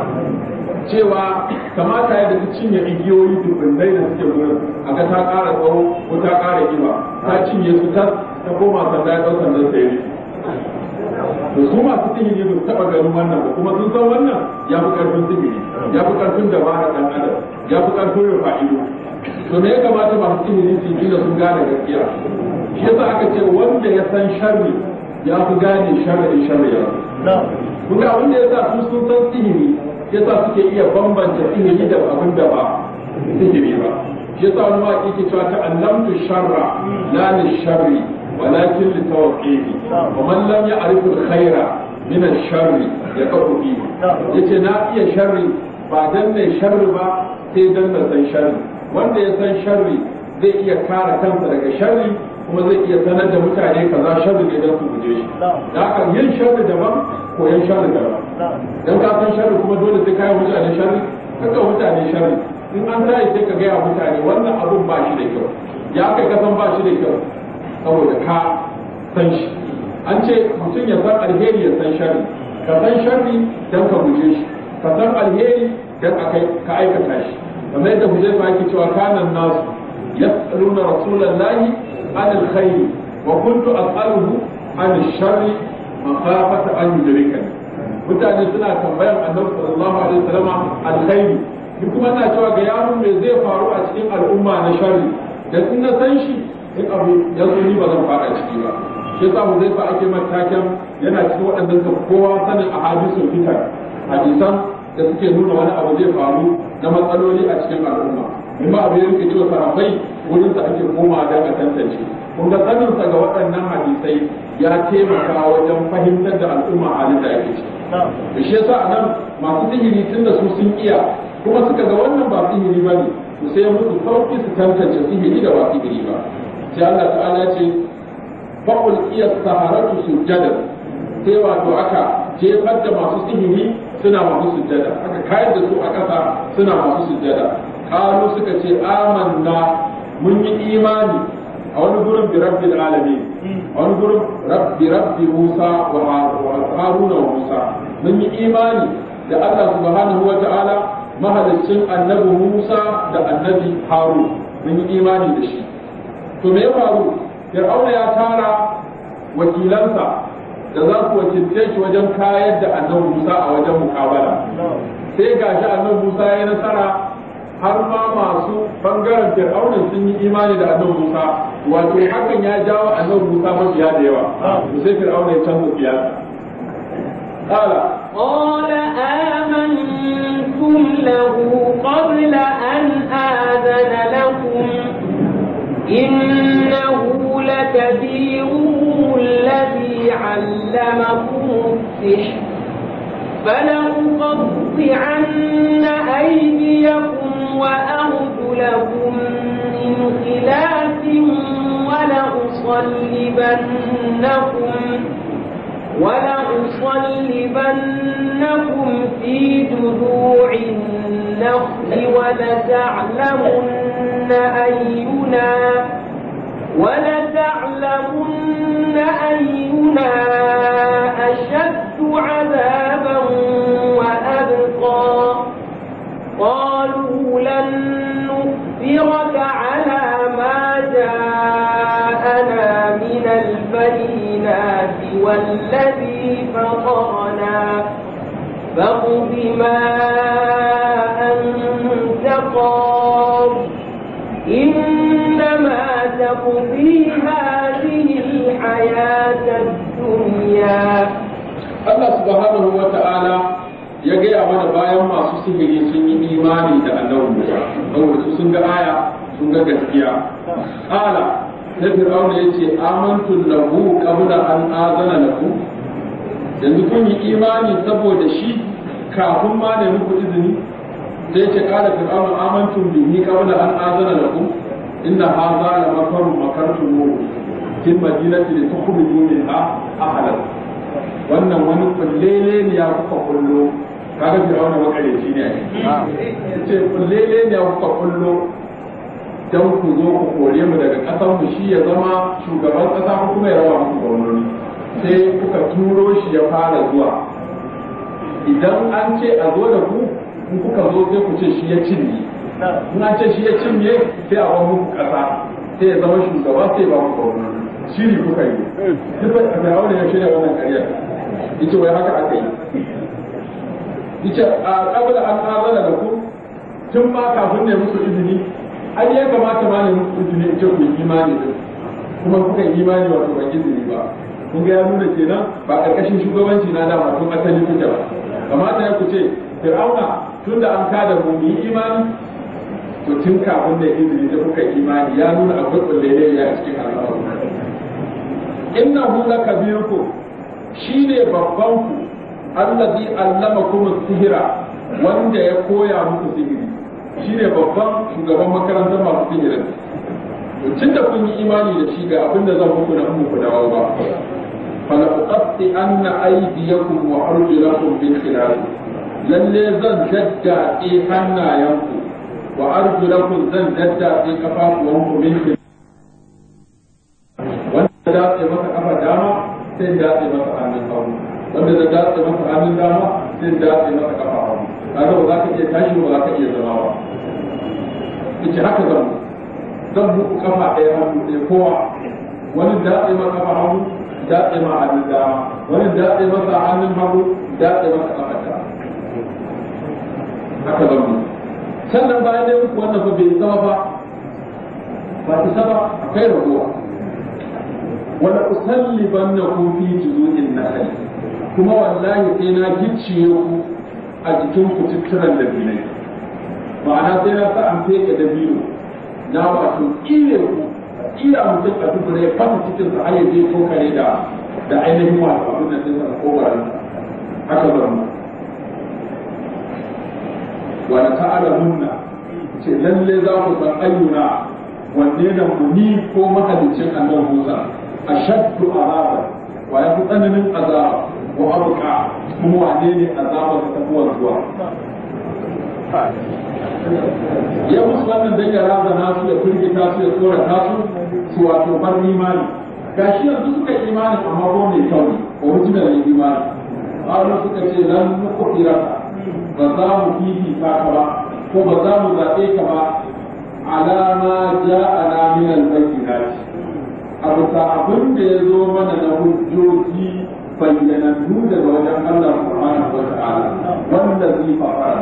cewa kamata ya daga cinye igiyoyi dubbindai da suke wurin a ga ta ƙara tsawo ko ta ƙara ƙiba ta cinye su ta koma sanda ya ɗau sandar sa ya rike to su masu sihiri ba su taɓa ganin wannan ba kuma sun san wannan ya fi ƙarfin sihiri ya fi ƙarfin ba ɗan adam ya fi ƙarfin rufa fa'ido to me ya kamata masu sihiri su yi da sun gane gaskiya shi yasa aka ce wanda ya san sharri ya fi gane sharri sharri ya kun ga wanda ya sa su sun san sihiri ya sa suke iya bambanta sihiri da abin da ba sihiri ba shi yasa wani ma ke cewa ta'allamtu sharra la sharri walakin li tawqihi wa man lam ya'rif al-khaira min ash-sharri yaqau bihi yace na iya sharri ba dan ne sharri ba sai dan na san sharri wanda ya san sharri zai iya kare kansa daga sharri kuma zai iya sanar da mutane kaza sharri ne don su shi da haka yin sharri daban koyan sharri daban dan ka san sharri kuma dole sai ka yi mutane sharri kaka mutane sharri in an tayi sai ka gaya mutane wannan abun ba shi da kyau ya kai kasan ba shi da kyau saboda ka san shi an ce mutum ya san alheri ya san sharri ka san sharri don ka guje shi ka san alheri don ka aikata shi kamar yadda huzaifa yake cewa kanan nasu yas'aluna rasulallahi an alkhairi wa kuntu as'aluhu an sharri makhafata an ne. mutane suna tambayar annabi sallallahu alaihi wasallam alkhairi ni kuma na cewa ga yaron me zai faru a cikin al'umma na sharri da in na san shi in abu ya zo ni ba zan fada ciki ba shi yasa mu zai sa ake matakan yana cikin waɗannan suka kowa sanin a sun fitar hadisan da suke nuna wani abu zai faru na matsaloli a cikin al'umma in abu ya rike cewa sarafai wurin sa ake koma da a tantance kun ga sanin sa ga waɗannan hadisai ya taimaka wajen fahimtar da al'umma halin da yake ciki shi yasa anan masu sihiri da su sun iya kuma suka ga wannan ba sihiri ba ne sai mutu sauki su tantance sihiri da ba sihiri ba sai Allah ta'ala ce faqul iya saharatu sujada sai wato aka jefar da masu sihiri suna masu sujada aka kai da su a ƙasa suna masu sujada kalu suka ce amanna mun yi imani a wani gurin bi rabbil alamin a wani gurin rabbi rabbi musa wa haruna wa musa mun yi imani da Allah subhanahu wa ta'ala mahaliccin annabi Musa da annabi Harun mun yi imani da shi to me ya faru fir'auna ya tara wakilansa da za su wakilce shi wajen kayar da annabi Musa a wajen mukabala sai gashi annabi Musa ya nasara har ma masu bangaren fir'auna sun yi imani da annabi Musa wato hakan ya jawo annabi Musa mabiya da yawa sai fir'auna ya canza biya قال قال آمنتم له قبل أن آذن له إنه لكبيره الذي علمكم السحر فلأقطعن أيديكم وأرجلكم من خلاف ولأصلبنكم ولأصلبنكم في جذوع النخل ولتعلمن أينا ولتعلمن أينا أشد عذابا وأبقى قالوا لن نخبرك على ما جاءنا من البينات والذي فطرنا فاقض ما أنت قال تقضي هذه الحياة الدنيا الله سبحانه وتعالى ya gaya mana bayan masu sihiri sun yi imani da annabi Musa saboda sun ga aya sun ga gaskiya ala na fir'auna ce amantu lahu qabla an azana lakum yanzu kun yi imani saboda shi kafin ma da muku izini sai ce kala fir'auna amantu bihi qabla an azana lakum inna hadha la makarun makartum fil madinati li ha a halar. wannan wani kullele ne ya kuka kullo kaga fir'auna makareci ne ce kullele ne ya kuka kullo don ku zo ku kore mu daga kasar mu shi ya zama shugaban kasa ko kuma ya rawa muku sai kuka turo shi ya fara zuwa idan an ce a zo da ku in kuka zo sai ku ce shi ya cinye na ce shi ya cinye sai a wani kasa sai ya zama shugaba sai ba mu kwanu shiri kuka yi duk mai aure ya shirya wannan ƙaryar yace wai haka aka yi yace a kabla an azana da ku tun ba kafin ne musu izini an ya kamata ma ne musu izini yace ku imani din kuma kuka imani wato ban izini ba kun ga ya nuna kenan ba ƙarƙashin shugabanci na dama tun asali kuke ba kamata ya ku ce fir'auna da an kada mu yi imani to tun kafin da izini da kuka imani ya nuna akwai kullele ya cikin al'amari inna hu la shi shine babban ku allazi allama kuma sihira wanda ya koya muku sihiri shine babban shugaban makarantar masu sihirin tun da kun yi imani da shi ga abin da zan muku na muku dawo ba fala qatti anna aydiyakum wa arjulakum bil khilaf lalle zan jadda hannayenku wa arjulakum zan daddatse kafafuwanku min shi wanda da datse maka kafa dama sai datse maka hannun hagu wanda da datse maka hannun dama sai datse maka kafa hagu kaga ba za ka iya tashi ba za ka iya zama ba ita haka zan zan buku kafa ɗaya hannu ɗaya kowa wani datse maka kafa hagu datse ma hannun dama wani datse maka hannun hagu datse maka kafa dama haka zan sannan bayan dai muku wannan ba bai zama ba ba ta saba kai raguwa wala usallibannakum fi na nakhl kuma wallahi sai na gicciye ku a jikin ku tutturan da bilai ma'ana sai na sa an feke da biyu na wato ire ku iya mutum a duk ya fata cikin sa ayyade ko kare da da ainihin wato abin da sai sa ko haka ba mu wa la ta'lamunna ce lalle za ku san ayyuna wanne da muni ko mahalicin annabi Musa ashaddu azaba wa ya fi tsananin azaba wa abuka kuma wane ne azaba da tabuwar zuwa ya musu wannan da ya na su da firgita su ya tsorata su su wato bar imani gashi yanzu suka imani amma ko mai kyau ne original imani Allah suka ce lan nuku firata ba za mu fifita ka ba ko ba za mu zaɓe ka ba alama ja'ana min al-bayyinat abu ta abin da ya zo mana na hujjoji bayyanannu daga wajen Allah subhanahu wata ala, wanda zai fara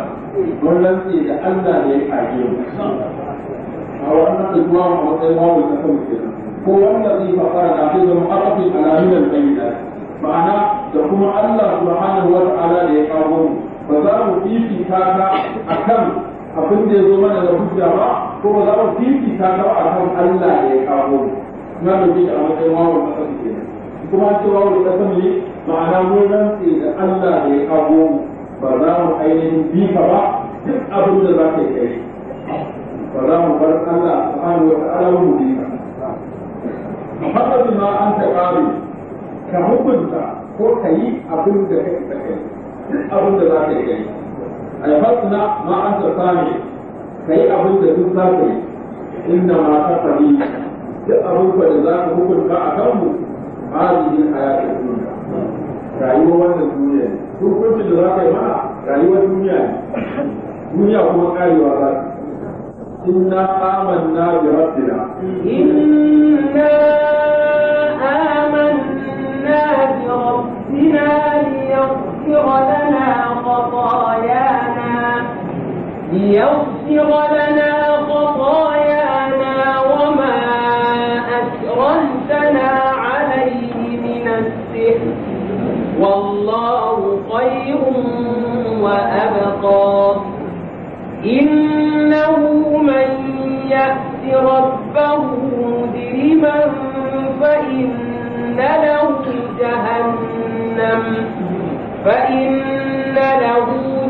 don rantse da Allah da ya kage mu a wannan da zuwa a matsayin wawo ta kan kenan ko wanda zai fara da zai zama akafi alamin al-bayyinat ma'ana da kuma Allah subhanahu wa ta'ala da ya kawo mu ba za mu fifita ka a kan abin da ya zo mana da hujja ba ko ba za mu fifita ka a kan Allah da ya kawo mu na da da a matsayin wawon ƙasa ke kuma ce wawon ƙasa ne ma'ana mun ce da Allah da ya kawo mu ba za mu ainihin bifa ba duk abin da za ka yi kai ba za mu bar Allah subhanahu wa ta'ala mu bifa Muhammadu ma an ta ƙare ka hukunta ko ka yi abin da ka isa kai abin da za ka yi kai alhasna ma an ta sami kai abin da duk za ka yi inda ma ka fari duk abin da za ka hukunta a kanmu halin hayatin duniya rayuwar wannan duniya ne hukuncin da za ka yi mana rayuwar duniya ne duniya kuma karewa za ta إنا آمنا بربنا إنا ليغفر لنا خطايانا وما أسرهتنا عليه من السحر والله خير وأبقى إنه من يأت ربه مجرما فإن له جهنم فإن له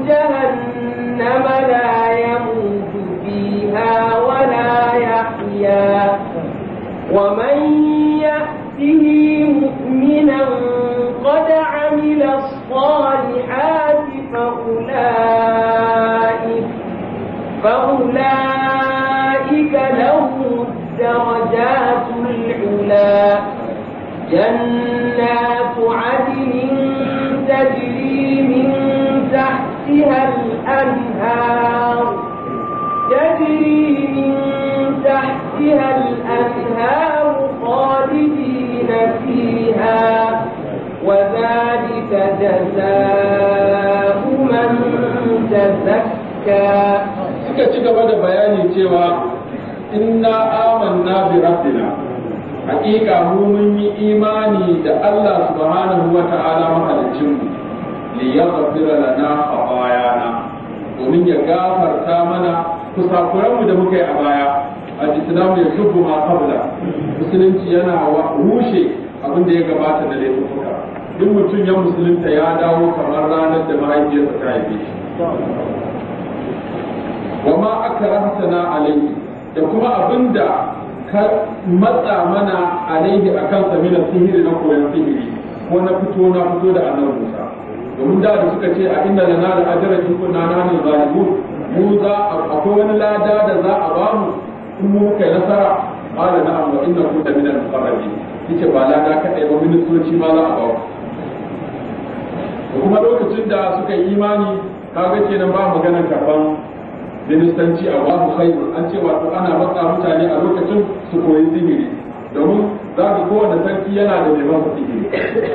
جهنم لا يموت فيها ولا يحيا ومن يأته مؤمنا قد عمل الصالحات فأولئك فأولئك لهم الدرجات العلا جنة تحتها الأنهار تجري من تحتها الأنهار خالدين فيها وذلك جزاء من تزكى suka ci gaba da bayani cewa inna amanna bi rabbina hakika mu mun yi imani da Allah subhanahu wa ta'ala mahaliccin mu li yaghfira lana domin ya gafarta mana kusakuranmu da muka yi a baya a islamu ya shubbu ma kabla musulunci yana rushe abin da ya gabata da laifuka duk mutum ya musulunta ya dawo kamar ranar da mahaifiyarsa ta haife shi wa ma na alayhi da kuma abin da ka matsa mana alaihi akan sabila sihiri na koyon sihiri ko na fito na fito da annabi Musa domin da da suka ce a inda na da ajiyar jikun na nanin zalibu mu za akwai wani lada da za a ba mu in mu kai nasara da na amma inna ku da minan farabi yace ba lada kadai ba ministoci ma za a ba ku kuma lokacin da suka yi imani kaga kenan ba maganar karban ministanci a babu haihu an ce wato ana matsa mutane a lokacin su koyi sihiri domin za ka kowane sarki yana da neman kuɗi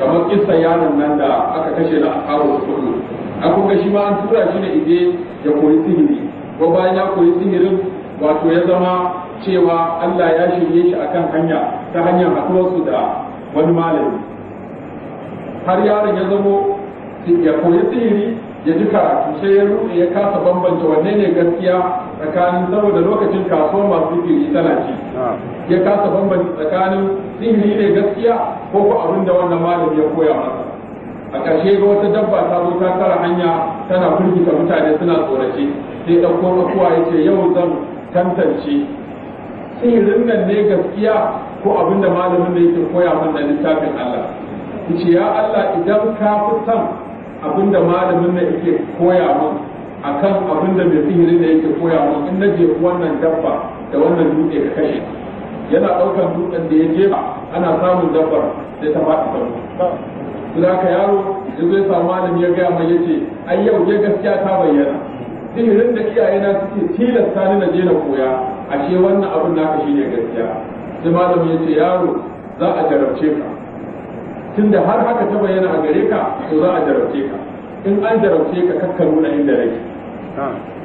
kamar kisan yaron nan da aka kashe na akawo su kudu a kuma shi ma an tura shi na ide ya koyi sihiri ko bayan ya koyi sihirin wato ya zama cewa Allah ya shirye shi akan hanya ta hanyar haɗuwarsu da wani malami har yaron ya zamo ya koyi sihiri ya ji sai ya rufe ya kasa bambanta wanne ne gaskiya tsakanin saboda lokacin kasuwar masu sihiri tana ci ya kasa bambanta tsakanin sihiri ne gaskiya ko ko abin da wannan malami ya koya masa a ƙarshe ga wata dabba ta zo ta tara hanya tana firgita mutane suna tsorace sai ɗauko tsakuwa ya ce yau zan tantance sihirin nan ne gaskiya ko abin da malamin da yake koya min na littafin Allah. Ya Allah idan ka fi san Abin da malamin na yake koya min akan da mai sihiri da yake koya mun, in na je wannan dabba da wannan dutse ka kashe yana ɗaukar dutsen da ya jefa ana samun dabbar sai ta faɗi sama da ka yaro ya zai samu malami ya gaya mai yace ai yau ya gaskiya ta bayyana sihirin da iyaye na suke tilasta ni na je na koya ashe wannan abin naka shine gaskiya sai malamin yace yaro za a jarabce ka tunda har haka ta bayyana a gare ka to za a jarabce ka in an jarabce ka kakka nuna inda rai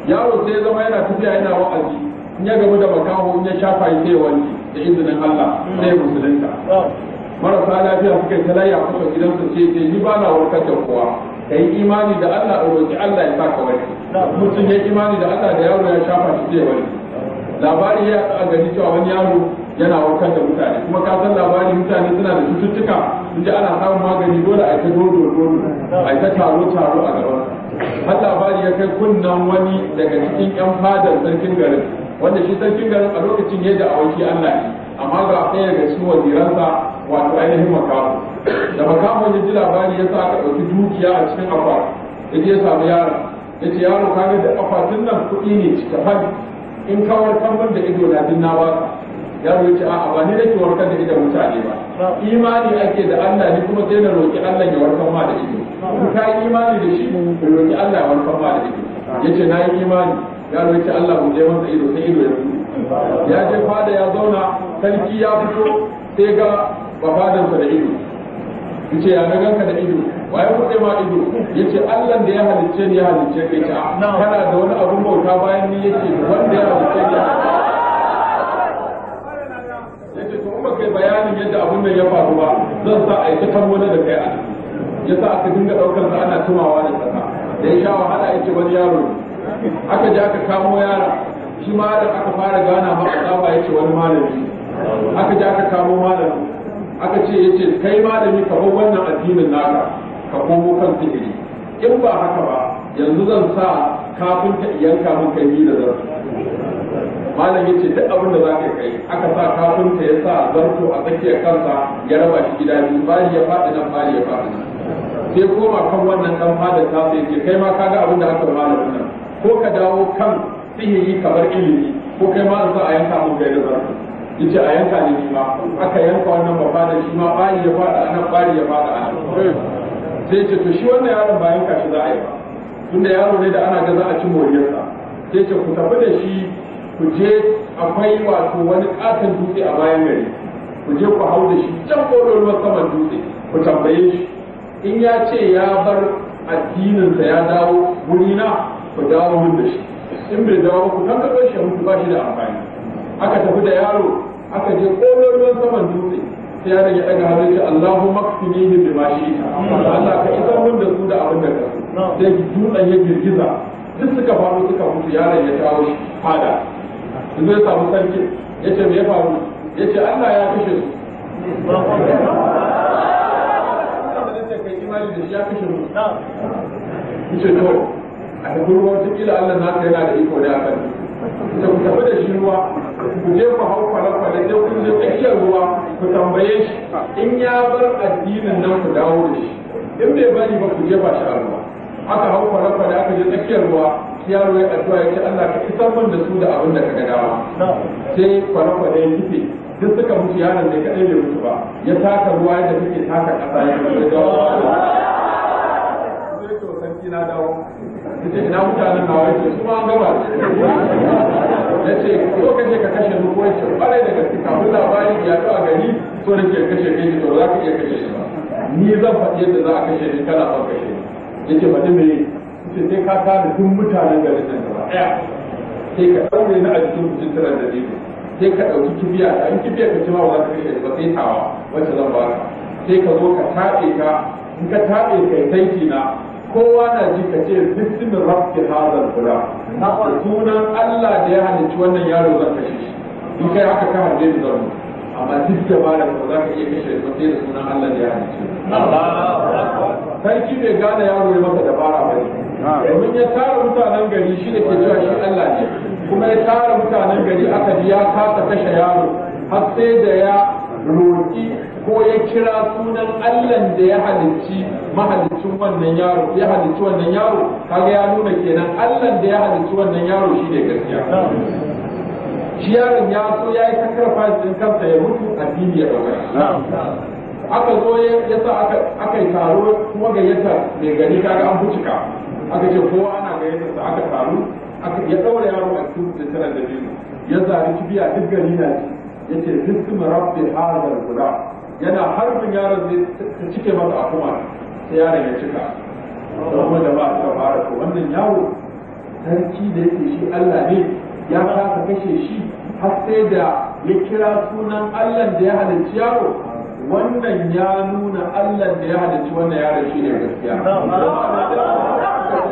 yaro sai ya zama yana tafiya yana wa'azi in ya gamu da makaho in ya shafa ya sai wanki da izinin Allah sai musulunta marasa lafiya suka yi talaya kusa su ce ce ni ba na warkar da kowa ka yi imani da Allah a roƙi Allah ya saka wani mutum ya imani da Allah da yaro ya shafa shi zai wani labari ya a gani cewa wani yaro yana warkar da mutane kuma ka san labari mutane suna da cututtuka ji ana samun magani dole a ta dodo dodo a ta taro taro a gaba har labari ya kai kunnan wani daga cikin yan fadar sarkin garin wanda shi sarkin garin a lokacin ya da awaki Allah ne amma ga ɗaya daga cikin waziransa wato ainihin makamu da makamu ya ji labari ya sa aka ɗauki dukiya a cikin afa ya je ya samu yaron ya ce yaro kaga da akwatin nan kuɗi ne cika in kawar kamar da ido na din na ka yaro ya ce a'a ba ni nake warkar da ita mutane ba imani ake da Allah ni kuma sai na roki Allah ya warkar ma da ido ka yi imani da shi mm. ka roki Allah ya warkar ma da ido yace na yi imani yaro ya ce Allah mu je masa ido sai ido ya fito ya je fada ya zauna sarki ya fito sai ga sa da ido yace ya ga ganka da ido wa ya ma ido yace Allah da ya halicce ni ya halicce kai ta ah, kana da wani abun bauta bayan ni yace wanda ya halicce ni kai bayanin yadda abun nan ya faru ba zan sa a yi ta wani da kai a ya sa aka dinga ɗaukar sa ana tumawa da tsaka da ya sha wahala ya ce wani yaro aka ja aka kamo yara shi ma da aka fara gana ma azaba ya ce wani malami aka je aka kamo malami aka ce ya ce kai malami ka bar wannan addinin naka ka komo kan sihiri in ba haka ba yanzu zan sa kafin ka iyanka min kai da zarfi malam yace duk abin da zaka kai aka sa kafinta ya sa zarto a tsakiyar kansa ya raba shi gida biyu bari ya faɗi nan bari ya faɗi nan sai koma kan wannan dan fadar ta sai ce kai ma ka ga abin da aka malamin nan ko ka dawo kan sihiri kamar ilimi ko kai ma za a yanka mun kai da zarto yace a yanka ne ni ma aka yanka wannan mafada shi ma bari ya faɗi anan bari ya faɗi anan sai ce to shi wannan yaron ba yanka shi za a yi ba tunda yaro ne da ana ga za a ci moriyarsa sai ce ku tafi da shi ku je akwai wato wani katon dutse a bayan gari ku je ku hau da shi can ruwan saman dutse ku tambaye shi in ya ce ya bar addininsa ya dawo wurina ku dawo min da shi in bai dawo ku tankarwar shi mutu ba shi da amfani aka tafi da yaro aka je ruwan saman dutse sai ya rage daga hannun shi Allahu makfini ne bi mashi ita Allah ka isa mun da su da abin da ka sai dutsen ya girgiza duk suka faru suka mutu yaron ya dawo shi fada zai samu sarki ya ce mai faru ya ce Allah ya kashe su ya kashe mu to a ruwa Allah na kai na da iko ita ku tafi da shi ruwa ku je ku hau kwale-kwale je tsakiyar ruwa ku tambaye shi in ya bar addinin nan ku dawo da shi in bai bari ba ku je ba shi a ruwa aka hau kwale-kwale aka je tsakiyar ruwa yaro ya addu'a ya ce Allah ka isar man da su da abin da ka ga dama sai kwale-kwale ya kife duk suka mutu yaron ne kaɗai bai mutu ba ya taka ruwa da kake taka ƙasa ya kuma ga sarki na dawo ce ina mutanen nawa ya su ma gaba ya ce ko kace ka kashe mu ko ce ƙwarai da gaske kafin labarin ya zo a gari so da ke kashe kai to za ka iya kashe shi ba ni zan faɗi yadda za a kashe ni kana son kashe ni ya ce faɗi me ce sai ka tara duk mutanen garin nan gaba ɗaya sai ka ɗaure na a jikin mutum tara da dino sai ka ɗauki kibiya ta in kibiya ka ci ma ba za ka kai ba sai tawa wacce zan ba ka sai ka zo ka taɓe ka in ka taɓe kai tanki na kowa na ji ka ce bismin rabbi hazal kura sunan Allah da ya halicci wannan yaro zan kashe shi in kai haka ka harbe ni zan amma duk da ba da za ka iya kashe shi sai da sunan Allah da ya halicci sarki bai gane yaro ya maka dabara ba ne domin ya tara mutanen gari shi da ke cewa shi Allah ne kuma ya tara mutanen gari aka biya kasa kashe yaro har sai da ya roƙi ko ya kira sunan Allahn da ya halicci mahalicin wannan yaro ya halicci wannan yaro kaga ya nuna kenan Allahn da ya halicci wannan yaro shi ne gaskiya shi yaron ya so ya yi sacrifice din kansa ya mutu addini ya gaba aka zo ya sa aka yi taro kuma gayyata mai gari kaga an bucika aka ce kowa ana yadda sa aka taru aka ya daura yaro a cikin da tara da biyu ya zari kibiya duk gari na ci yace mu rabbi hadal guda yana harbin yaron zai ta cike masa akuma kuma sai yaron ya cika kuma da ba ta fara to wannan yaro sarki da yake shi Allah ne ya kasa kashe shi har sai da ya kira sunan Allah da ya halicci yaro wannan ya nuna Allah da ya halicci wannan yaron shi ne gaskiya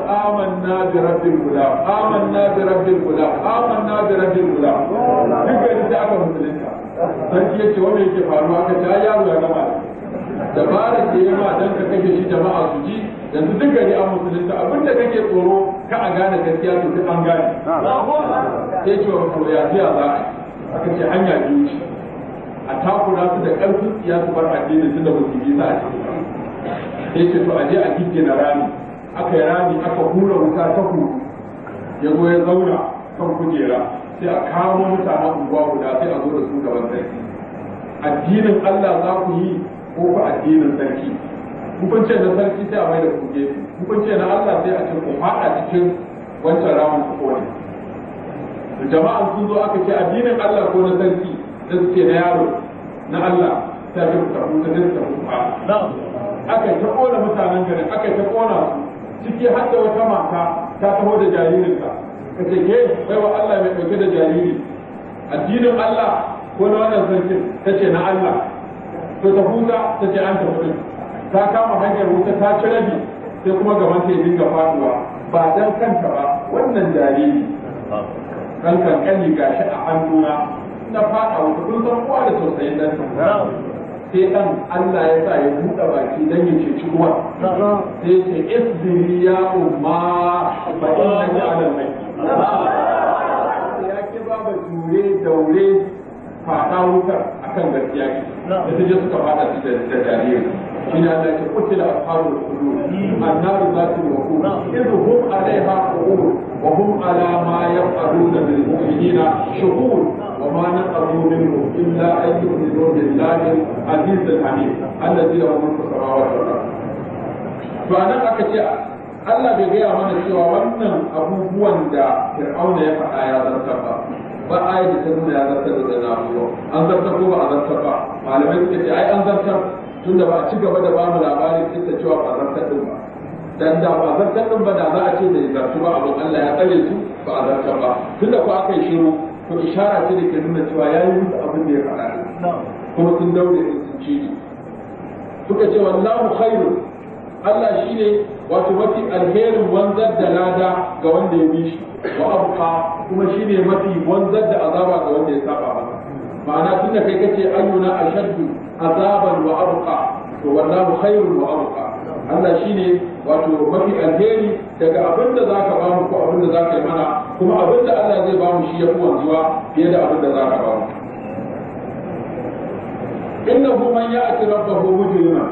amanna bi rabbil gulam amanna bi rabbil gulam amanna bi rabbil gulam duk da aka musulunta sarki yace wanda yake faruwa ka ta yaro ya gama dabara ce ya ma dan ka kashe shi jama'a su ji yanzu duk gari an musulunta abin kake tsoro ka a gane gaskiya to duk an gane sai ce wa ya za a aka ce hanya biyu ce a takura su da ƙarfin ya su bar addini su da musulmi za a ce sai ce to a je a na rami aka yi rami aka hura wuta ta huru ya zo ya zauna kan kujera sai a kamo mutanen unguwa guda sai a zo da su gaban sarki addinin Allah za ku yi ko ku addinin sarki hukunce na sarki sai a mai da kuke hukunce na Allah sai a ce ku faɗa cikin wancan ramin ku kone jama'an sun zo aka ce addinin Allah ko na sarki rizki na yaro na Allah ta fi ta huta rizka huta aka ta kona mutanen garin aka ta kona su ciki har da wata mata ta taho da jaririnta ka ce ke bai wa Allah mai ɗauke da jariri addinin Allah ko na wannan sarkin ta ce na Allah to ta huta ta ce an tafi ta kama hanyar wuta ta ci rabi sai kuma gaban ta dinga faduwa ba dan kanta ba wannan jariri dan kankani gashi a hannuna na faɗa wuta kun san kowa da tausayin dan sai dan Allah ya sa ya buɗe baki dan ya ceci ruwa sai ya ce isbiri ya umma fa innaka ala al ya ki baba jure daure faɗa wutar akan gaskiya da ta je suka faɗa su da jariri shi ne Allah ya ce kutila ashabul qulub annaru zatul wuqud idh hum alaiha qu'ud wa hum ala ma yaf'aluna bil mu'minina shuhud وما نقضوا منه إلا أن يؤمنوا بالله العزيز الحميد الذي له ملك السماوات والأرض فأنا أكشف Allah bai gaya mana cewa wannan abubuwan da Fir'auna ya faɗa ya zartar ba ba a yi da nuna ya zartar da zana abubuwa an zartar ko ba a zartar ba malamai suka ce ai an zartar tunda ba a ci gaba da bamu labarin duk da cewa ba zartar din ba dan da ba zartar din ba da za a ce da zartu ba abin Allah ya tsare su ba a zartar ba tunda ko aka yi shiru to ishara ce da ke nuna cewa ya yi musu abin da ya faɗa kuma sun daure ne sun ce ne suka ce wallahu khairu Allah shi ne wato mafi alherin wanzar da lada ga wanda ya bi shi wa abuka kuma shi ne mafi wanzar da azaba ga wanda ya saba ba ma'ana tun da kai kace ayyuna ashaddu azaban wa abuka to wallahu khairun wa abuka Allah shi ne wato mafi alheri daga abin da zaka ba mu ko abin da zaka yi mana kuma abin da Allah zai ba mu shi yafi wanzuwa fiye da abin da zaka ba mu innahu man ya'ti rabbahu mujrima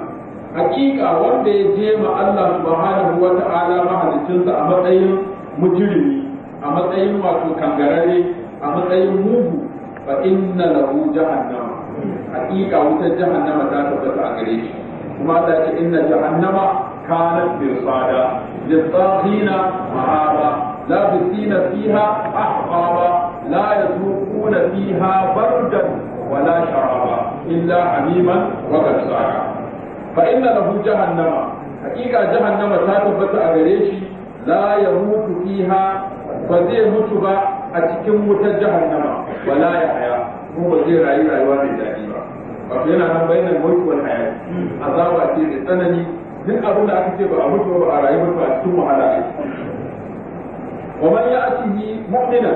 hakika wanda ya je ma Allah subhanahu wa ta'ala mahalicinsa a matsayin mujirimi, a matsayin wato kangarare a matsayin mugu fa inna lahu jahannama hakika wutar jahannama ta tabbata a gare shi kuma Allah ce inna jahannama kanat mirsada lit-taghina ma'aba la yusina fiha ahqaba la yadukuna fiha bardan wala sharaba illa hamiman wa ghassaqa fa inna lahu jahannama haqiqa jahannama ta tabbata a gare shi la yamutu fiha ba zai mutu ba a cikin wutar jahannama wala ya haya kuma ba zai rayu rayuwa mai daɗi ba wato yana nan bayanan mulki wal hayat azaba ce da tsanani duk abin da aka ce ba a mutu ba a rayuwar ba a cikin wahala ai wa man ya'tihi mu'mina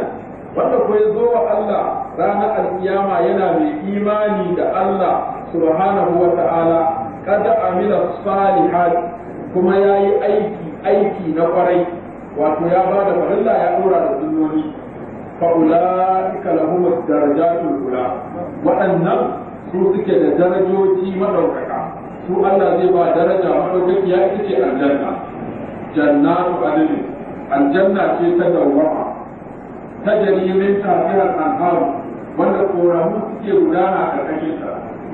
wanda ko ya zo wa Allah ranar alkiyama yana mai imani da Allah subhanahu wa ta'ala kad amila salihat kuma yayi aiki aiki na kwarai wato ya ba da farilla ya dora da sunnoni fa ulaika lahum darajatul ula waɗannan su suke da darajoji madaukaka su Allah zai ba daraja madaukaki ya ce aljanna jannatu adli aljanna ce ta dawwa ta jarimin tafiyar anharu wanda koramu suke gudana a ƙarƙashin ta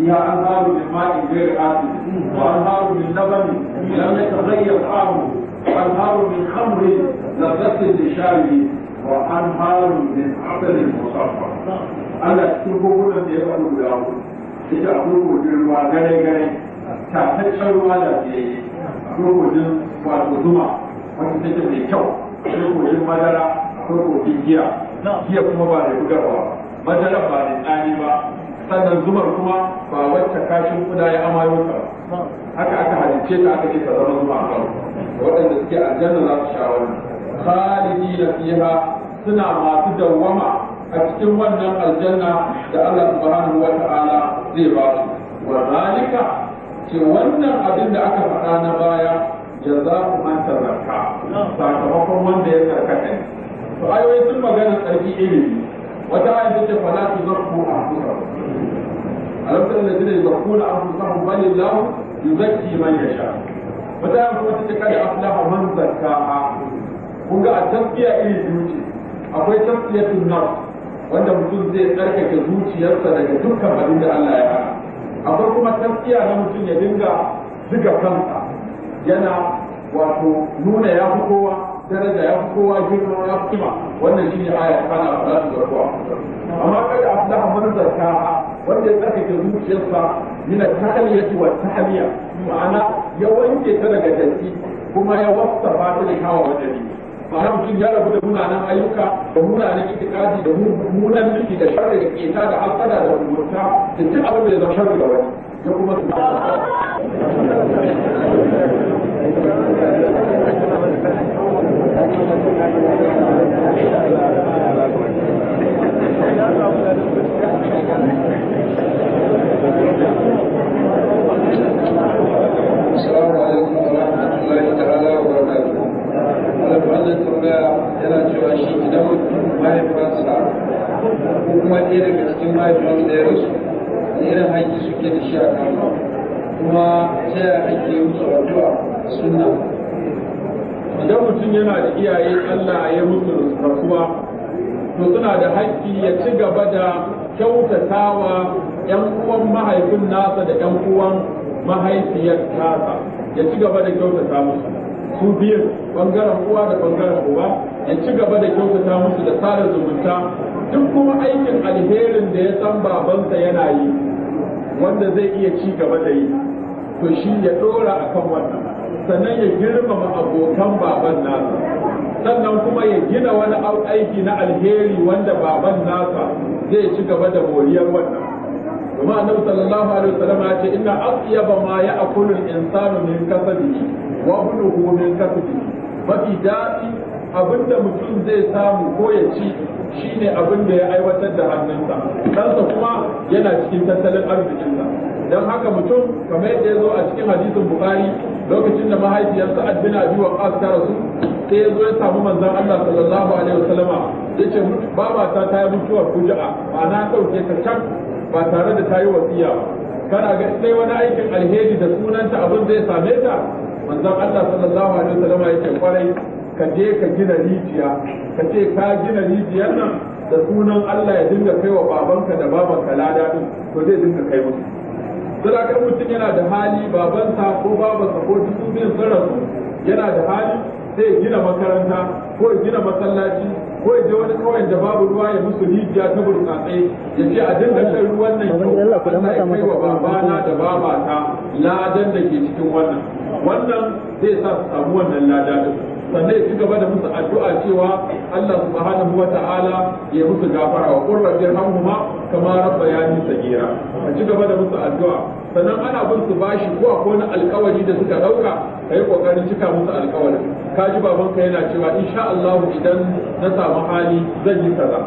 ya anharu min ma'in gairi asin wa anharu min labani lam yataghayyar ta'amu wa anharu min khamri lazzatin lishari wa anharu min asalin musaffa Allah cikin kogunan da ya faɗi guda hudu ita a kurkudin ruwa gare gare tafashen ruwa da ke kurkudin wato zuma wani take mai kyau kurkudin madara kurkudin giya giya kuma ba da ba. madara ba da tsani ba sannan zumar kuma ba wacce kashin kuda ya amayo ka haka aka halicce ta aka ce ta zama zuma a waɗanda suke aljanna za su sha wani khalidi na fiha suna masu dawwama a cikin wannan aljanna da Allah subhanahu wa ta'ala zai ba su wa zalika ce wannan abin da aka faɗa na baya jazaku man tazakka sakamakon wanda ya tarkata ne to ayoyi sun magana tsarki ilimi wata ayat ta ce fala tuzakku anfusakum alam tara alladhina yuzakkuna anfusahum bal illahu yuzakki man yasha wata ayat kuma ta ce kada aflaha man zakkaha kun ga a tafiya iri biyu ce akwai tafiyatun nafs wanda mutum zai tsarkake zuciyarsa daga dukkan abin da Allah ya hana akwai kuma taskiya na mutum ya dinga ziga kansa yana wato nuna ya fi kowa daraja ya fi kowa girma ya fi kima wannan ne aya kana fara da kowa amma kada a man zakka wanda ya tsarkake zuciyarsa yana tahliyati wa tahliya ma'ana ya wanke ta daga datti kuma ya wasafa ta da kawo wajen ma'ana mutum ya rabu da munanan ayyuka da munanan itikadi da munanan miki da shari'a da keta da hafada da rubuta, da duk abin da ya zama shari'a da wani ya kuma su ba gaba da kyautatawa ‘yan uwan mahaifin nasa da ‘yan uwan mahaifiyar nasa ya ci gaba da kyautata musu su biyu bangaren uwa da bangaren uba ya ci gaba da kyautata musu da tsarin zumunta duk kuma aikin alherin da ya san babansa yana yi wanda zai iya ci gaba da yi to shi ya dora akan wannan sannan ya girmama abokan baban nasa sannan kuma ya gina wani aiki na alheri wanda baban nasa zai ci gaba da moriyar wannan kuma annabi sallallahu alaihi wasallam ya ce inna atyaba ma ya'kulu al-insanu min kasabi wa huluhu min kasabihi mafi daɗi abinda mutum zai samu ko ya ci shine abin da ya aiwatar da hannunsa kansa kuma yana cikin tattalin arzikinsa don haka mutum kamar yadda ya zo a cikin hadisin bukari lokacin da mahaifiyar sa'ad bin abi waqas ta rasu sai ya ya samu manzon Allah sallallahu alaihi wasallama yace ba mata ta yi mutuwar Ba ma'ana dauke ka can ba tare da ta yi wasiya kana ga sai wani aikin alheri da sunanta abin zai same ta manzon Allah sallallahu alaihi wasallama yake kwarai ka je ka gina rijiya ka ce ka gina rijiyar nan da sunan Allah ya dinga kaiwa babanka da babanka lada din to zai dinga kai musu sadakar mutum yana da hali babansa ko babansa ko duk biyun sun rasu yana da hali sai gina makaranta ko gina masallaci ko ya je wani kawai da babu ruwa ya musu rijiya ta burtsatsai ya ce a dinga shan ruwan nan yau kai wa babana da babata ladan da ke cikin wannan wannan zai sa su samu wannan lada sannan ya ci gaba da musu addu'a cewa Allah subhanahu wa ta'ala ya musu gafara wa qur rabbirhamhuma kama rabbayani sagira a ci gaba da musu addu'a sannan ana bin su bashi ko akwai wani alkawari da suka dauka kai kokarin cika musu alkawarin ka ji babanka yana cewa insha Allah idan na samu hali zan yi kaza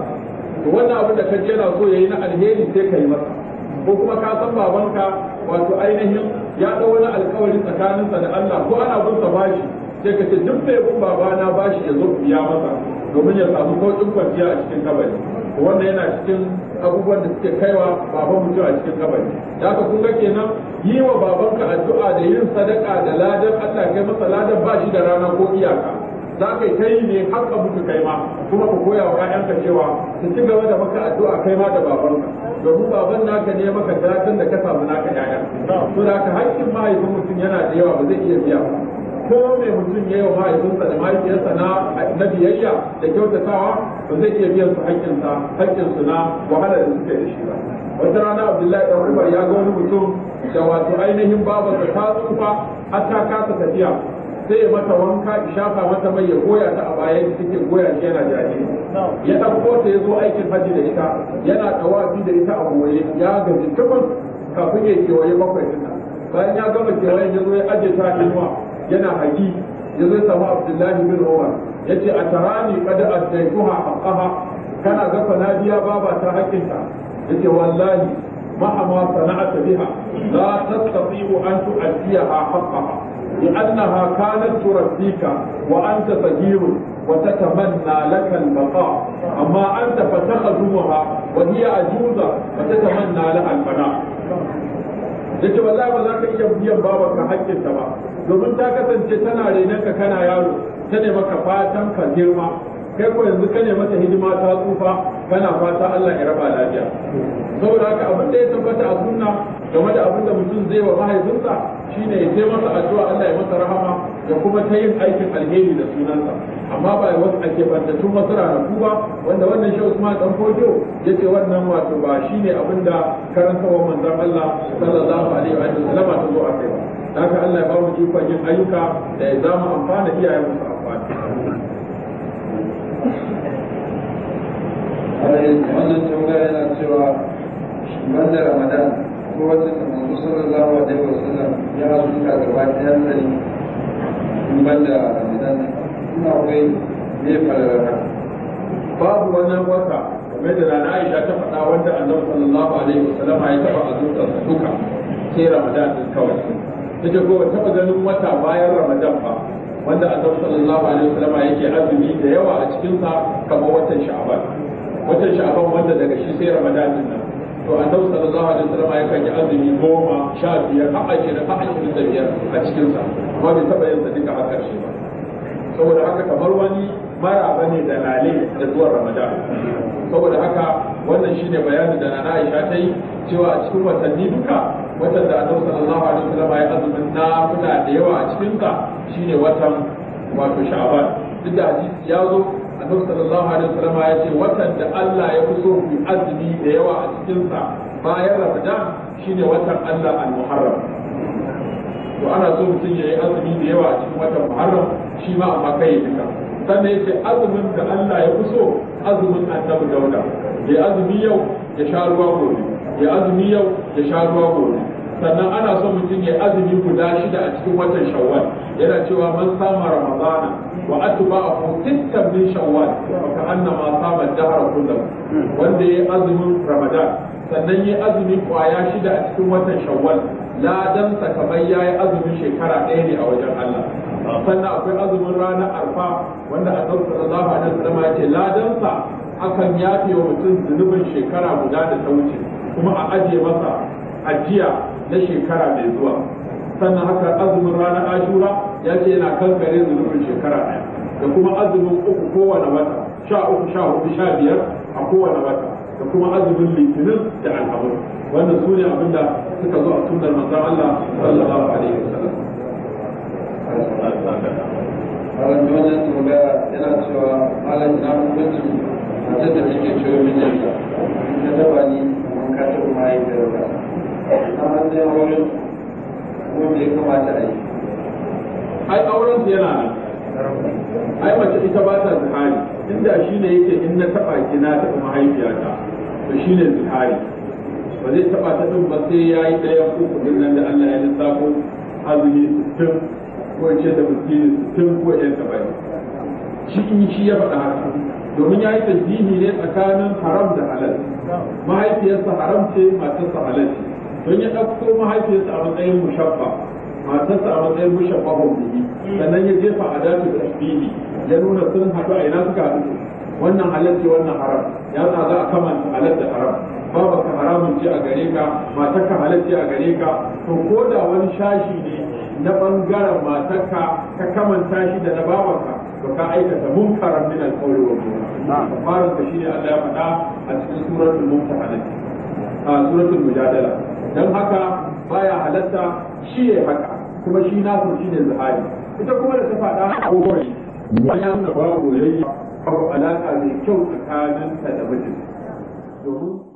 to wannan abin da kaje yana so yayi na alheri sai kai masa ko kuma ka san babanka wato ainihin ya ɗau wani alkawari tsakaninsa da Allah ko ana bin sa bashi sai ka ce duk mai bin babana ba shi ya zo biya masa domin ya samu sauƙin kwanciya a cikin kabari wanda yana cikin abubuwan da suke kaiwa baban mutum a cikin kabari da aka kunga kenan yi wa babanka addu'a da yin sadaka da ladan Allah kai masa ladan ba shi da rana ko iyaka za ka yi ta yi ne har ka mutu kai ma kuma ka koya wa ƴaƴanka cewa su ci gaba da maka addu'a kai ma da babanka domin baban naka ne maka datan da ka samu naka ƴaƴa to da haka hakkin mahaifin mutum yana da yawa ba zai iya biya ba ko mai mutum ya yi wa da mahaifiyarsa na na biyayya da kyautatawa ba zai iya biyan su haƙƙinsa haƙƙinsu na wahalar da suke da shi ba wata rana abdullahi ɗan umar ya ga wani mutum da wato ainihin babarsa ta tsufa har ta kasa tafiya sai ya mata wanka ya shafa mata mai ya goya ta a bayan take goya shi yana jaje ya ɗauko ta ya zo aikin hajji da ita yana tawafi da ita a goye ya gaji tukun kafin ya kewaye bakwai bayan ya gama kewayen ya zo ya ajiye ta inuwa yana haji ya zai samu abdullahi bin umar ya ce a tarani kada a taikuha a kaha kana zafa nadiya ba ba ta haƙinta ya ce wallahi mahama sana'ata biha za ta tafi wa an tu'addiya a haƙa bi annaha kanat turaddika wa anta sagirun wa tatamanna laka al-baqa amma anta fatakhadhuha wa hiya ajuza wa tatamanna na al-fana da ce wallahi ba za ka iya biyan baban ka hakkin ta ba domin ta kasance tana renon ka kana yaro ta ne maka fatan ka girma kai ko yanzu ka ne mata hidima ta tsufa kana fata Allah ya raba lafiya saboda haka abin da ya tabbata a sunna game da abin da mutum zai wa mahaifinsa shine ya sai masa addu'a Allah ya masa rahama da kuma ta yin aikin alheri da sunansa amma ba wasu ake bantattun wasu ranaku ba wanda wannan shi Usman dan Fojo ya ce wannan wato ba shine abin da karantawa manzon Allah sallallahu alaihi wa sallam ta zo a kai ba haka Allah ya ba mu jifa yin ayyuka da ya zama amfana iyayen mu amfana wannan tambaya yana cewa ban da ramadan akwai wata da manzo sallallahu alaihi ya azuka gaba ɗayan sani in ban da ramadan ina akwai ne fararra babu wannan wata game da rana Aisha ta faɗa wanda Annabi sallallahu alaihi wasallam ya taɓa su duka sai ramadan din kawai take ko taɓa ganin wata bayan ramadan ba wanda Annabi sallallahu alaihi wasallam yake azumi da yawa a cikin sa kamar watan Sha'aban watan Sha'aban wanda daga shi sai Ramadan din nan to za a alaihi wasallam ya kan yi azumi goma sha biyar har ashirin har ashirin da biyar a cikinsa amma bai taɓa yin sadaka a ƙarshe ba saboda haka kamar wani mara ne da lale da zuwan ramadan saboda haka wannan ne bayani da nana aisha ta yi cewa a cikin watanni duka watan da annabi sallallahu alaihi wasallam ya azumin na kula da yawa a cikinsa shine watan wato sha'ban duk da hadisi ya zo annabi sallallahu alaihi wasallam ya ce watan da Allah ya fi azumi da yawa a cikin sa bayan Ramadan shine watan Allah al-Muharram to ana so mutum ya yi azumi da yawa a cikin watan Muharram shi ma amma kai ya duka sannan ya ce azumin da Allah ya kuso, azumin annabi Dauda ya azumi yau ya sha ruwa gobe ya azumi yau ya sha ruwa gobe sannan ana son mutum ya azumi guda shida a cikin watan shawwal yana cewa man sama ramadana wa atba'ahu sittan min shawwal fa ka'anna ma sama dahra kullahu wanda yayi azumin ramadan sannan yayi azumi kwaya shida a cikin watan shawwal la dan kamar yi azumin shekara ɗaya ne a wajen Allah sannan akwai azumin ranar arfa wanda annabi sallallahu alaihi zama ya ce ladan akan yafe wa mutum zunubin shekara guda da ta wuce kuma a aje masa ajiya na shekara mai zuwa sannan haka azumin ranar ashura ya ce yana kankare zunubin shekara ɗaya da kuma azumin uku kowane wata sha uku sha hudu sha biyar a kowane wata da kuma azumin litinin da alhamis wanda su ne abin da suka zo a sunnar manzon Allah sallallahu alaihi wasallam Malam Jonas Muga yana cewa Malam na hukuncin matar da take ciwo mijinta ta taba ni kamar ka taɓa mahaifiyarka kamar da wurin wanda ya kamata a yi ai auren su yana ai mace ita ba ta zuhari inda shi ne yake in na taba ki na taba mahaifiyata to shi ne zuhari ba zai taba ta din ba sai ya yi ɗaya ko kudin nan da Allah ya ko azumi sittin ko in ce da miskini sittin ko yan taba shi in shi ya faɗa haka domin ya yi tajjini ne tsakanin haram da halal mahaifiyarsa haram ce matarsa halal ce don ya ɗauko mahaifiyarsa a matsayin mushaffa matarsa a matsayin mushaffa hukuki sannan ya jefa a datu da fili ya nuna sun haɗu a ina suka haɗu wannan halal wannan haram ya sa za a kama halal da haram babu ka haramun ce a gare ka matarka halal ce a gare ka to ko da wani shashi ne na ɓangaren matar ka ka kamanta shi da na babanka to ka aikata munkaran min alqawli wa qawli fara ka ne Allah ya faɗa a cikin suratul mumtahanah a suratul mujadala don haka baya halatta shi ya haka kuma shi na su shine zahari ita kuma da ta faɗa a gobe ya nuna babu yayi ko alaƙa mai kyau tsakaninta da mutum domin